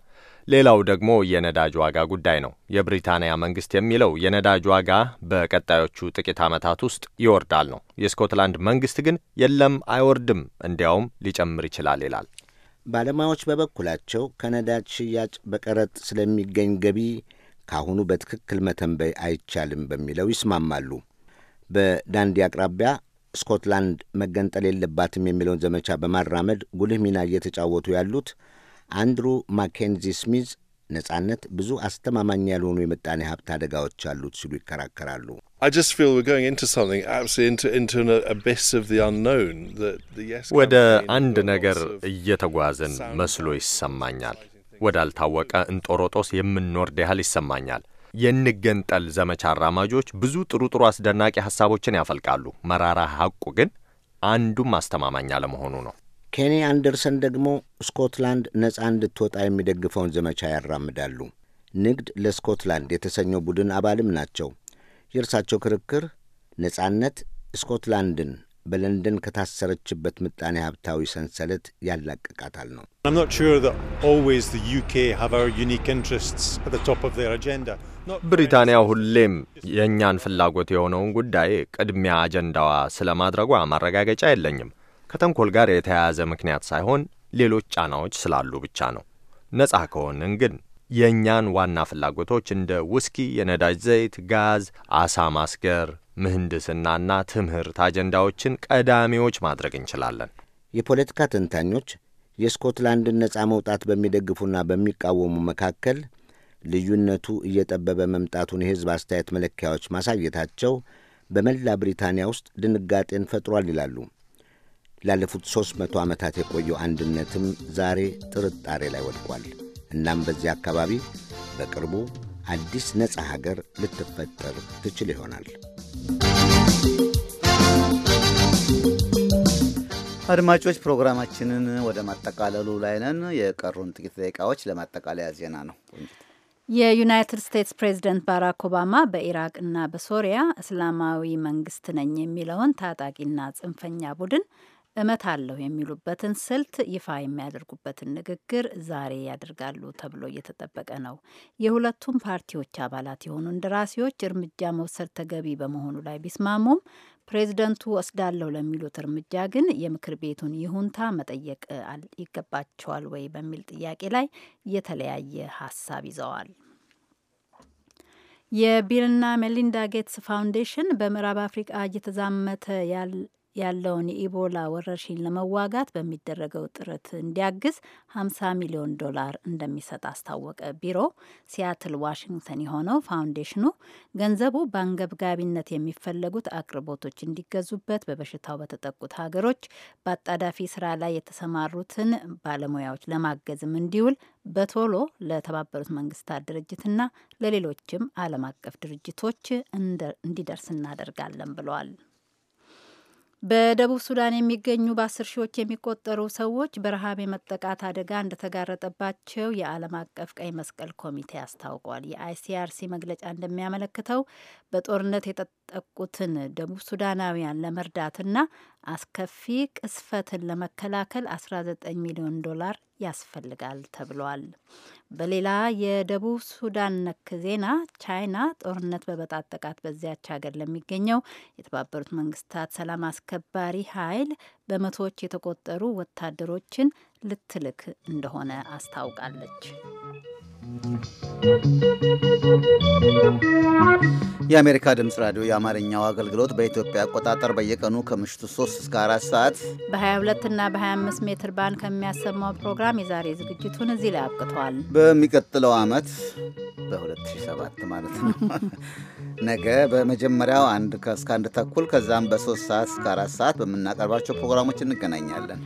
ሌላው ደግሞ የነዳጅ ዋጋ ጉዳይ ነው። የብሪታንያ መንግስት የሚለው የነዳጅ ዋጋ በቀጣዮቹ ጥቂት ዓመታት ውስጥ ይወርዳል ነው። የስኮትላንድ መንግስት ግን የለም፣ አይወርድም፣ እንዲያውም ሊጨምር ይችላል ይላል። ባለሙያዎች በበኩላቸው ከነዳጅ ሽያጭ በቀረጥ ስለሚገኝ ገቢ ካሁኑ በትክክል መተንበይ አይቻልም በሚለው ይስማማሉ። በዳንዲ አቅራቢያ ስኮትላንድ መገንጠል የለባትም የሚለውን ዘመቻ በማራመድ ጉልህ ሚና እየተጫወቱ ያሉት አንድሩ ማኬንዚ ስሚዝ ነጻነት ብዙ አስተማማኝ ያልሆኑ የምጣኔ ሀብት አደጋዎች አሉት ሲሉ ይከራከራሉ። ወደ አንድ ነገር እየተጓዝን መስሎ ይሰማኛል። ወዳልታወቀ እንጦሮጦስ የምንወርድ ያህል ይሰማኛል። የንገንጠል ዘመቻ አራማጆች ብዙ ጥሩ ጥሩ አስደናቂ ሀሳቦችን ያፈልቃሉ። መራራ ሀቁ ግን አንዱም አስተማማኝ አለመሆኑ ነው። ኬኒ አንደርሰን ደግሞ ስኮትላንድ ነፃ እንድትወጣ የሚደግፈውን ዘመቻ ያራምዳሉ። ንግድ ለስኮትላንድ የተሰኘው ቡድን አባልም ናቸው። የእርሳቸው ክርክር ነፃነት ስኮትላንድን በለንደን ከታሰረችበት ምጣኔ ሀብታዊ ሰንሰለት ያላቅቃታል ነው። ብሪታንያ ሁሌም የእኛን ፍላጎት የሆነውን ጉዳይ ቅድሚያ አጀንዳዋ ስለማድረጓ ማረጋገጫ የለኝም። ከተንኮል ጋር የተያያዘ ምክንያት ሳይሆን ሌሎች ጫናዎች ስላሉ ብቻ ነው። ነጻ ከሆንን ግን የእኛን ዋና ፍላጎቶች እንደ ውስኪ፣ የነዳጅ ዘይት፣ ጋዝ፣ አሳ ማስገር፣ ምህንድስናና ትምህርት አጀንዳዎችን ቀዳሚዎች ማድረግ እንችላለን። የፖለቲካ ተንታኞች የስኮትላንድን ነጻ መውጣት በሚደግፉና በሚቃወሙ መካከል ልዩነቱ እየጠበበ መምጣቱን የሕዝብ አስተያየት መለኪያዎች ማሳየታቸው በመላ ብሪታንያ ውስጥ ድንጋጤን ፈጥሯል ይላሉ። ላለፉት ሦስት መቶ ዓመታት የቆየው አንድነትም ዛሬ ጥርጣሬ ላይ ወድቋል። እናም በዚያ አካባቢ በቅርቡ አዲስ ነፃ ሀገር ልትፈጠር ትችል ይሆናል። አድማጮች፣ ፕሮግራማችንን ወደ ማጠቃለሉ ላይ ነን። የቀሩን ጥቂት ደቂቃዎች ለማጠቃለያ ዜና ነው። የዩናይትድ ስቴትስ ፕሬዚደንት ባራክ ኦባማ በኢራቅ እና በሶሪያ እስላማዊ መንግስት ነኝ የሚለውን ታጣቂና ጽንፈኛ ቡድን እመታለሁ የሚሉበትን ስልት ይፋ የሚያደርጉበትን ንግግር ዛሬ ያደርጋሉ ተብሎ እየተጠበቀ ነው። የሁለቱም ፓርቲዎች አባላት የሆኑ እንደራሴዎች እርምጃ መውሰድ ተገቢ በመሆኑ ላይ ቢስማሙም ፕሬዚደንቱ ወስዳለሁ ለሚሉት እርምጃ ግን የምክር ቤቱን ይሁንታ መጠየቅ ይገባቸዋል ወይ በሚል ጥያቄ ላይ የተለያየ ሀሳብ ይዘዋል። የቢልና ሜሊንዳ ጌትስ ፋውንዴሽን በምዕራብ አፍሪቃ እየተዛመተ ያለውን የኢቦላ ወረርሽኝ ለመዋጋት በሚደረገው ጥረት እንዲያግዝ 50 ሚሊዮን ዶላር እንደሚሰጥ አስታወቀ። ቢሮ ሲያትል ዋሽንግተን የሆነው ፋውንዴሽኑ ገንዘቡ በአንገብጋቢነት የሚፈለጉት አቅርቦቶች እንዲገዙበት በበሽታው በተጠቁት ሀገሮች በአጣዳፊ ስራ ላይ የተሰማሩትን ባለሙያዎች ለማገዝም እንዲውል በቶሎ ለተባበሩት መንግስታት ድርጅትና ለሌሎችም ዓለም አቀፍ ድርጅቶች እንዲደርስ እናደርጋለን ብለዋል። በደቡብ ሱዳን የሚገኙ በአስር ሺዎች የሚቆጠሩ ሰዎች በረሃብ የመጠቃት አደጋ እንደተጋረጠባቸው የዓለም አቀፍ ቀይ መስቀል ኮሚቴ አስታውቋል። የአይሲአርሲ መግለጫ እንደሚያመለክተው በጦርነት የተጠቁትን ደቡብ ሱዳናውያን ለመርዳትና አስከፊ ቅስፈትን ለመከላከል 19 ሚሊዮን ዶላር ያስፈልጋል ተብሏል። በሌላ የደቡብ ሱዳን ነክ ዜና ቻይና ጦርነት በበጣጠቃት በዚያች ሀገር ለሚገኘው የተባበሩት መንግስታት ሰላም አስከባሪ ኃይል በመቶዎች የተቆጠሩ ወታደሮችን ልትልክ እንደሆነ አስታውቃለች። የአሜሪካ ድምፅ ራዲዮ የአማርኛው አገልግሎት በኢትዮጵያ አቆጣጠር በየቀኑ ከምሽቱ 3 እስከ 4 ሰዓት በ22 እና በ25 ሜትር ባንድ ከሚያሰማው ፕሮግራም የዛሬ ዝግጅቱን እዚህ ላይ አብቅተዋል። በሚቀጥለው ዓመት በ2007 ማለት ነው ነገ በመጀመሪያው አንድ እስከ አንድ ተኩል ከዛም በ3 ሰዓት እስከ 4 ሰዓት በምናቀርባቸው ፕሮግራሞች እንገናኛለን።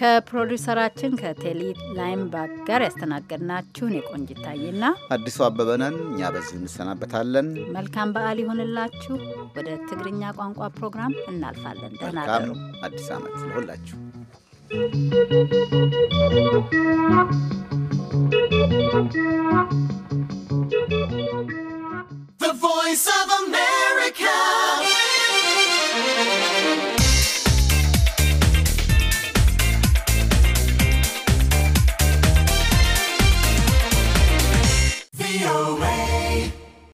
ከፕሮዲውሰራችን ከቴሊ ላይምባግ ጋር ያስተናገድናችሁን የቆንጅት ታዬና አዲሱ አበበነን እኛ በዚህ እንሰናበታለን። መልካም በዓል ይሁንላችሁ። ወደ ትግርኛ ቋንቋ ፕሮግራም እናልፋለን። ደህና ደሩ። አዲስ ዓመት ለሁላችሁ። The Voice of America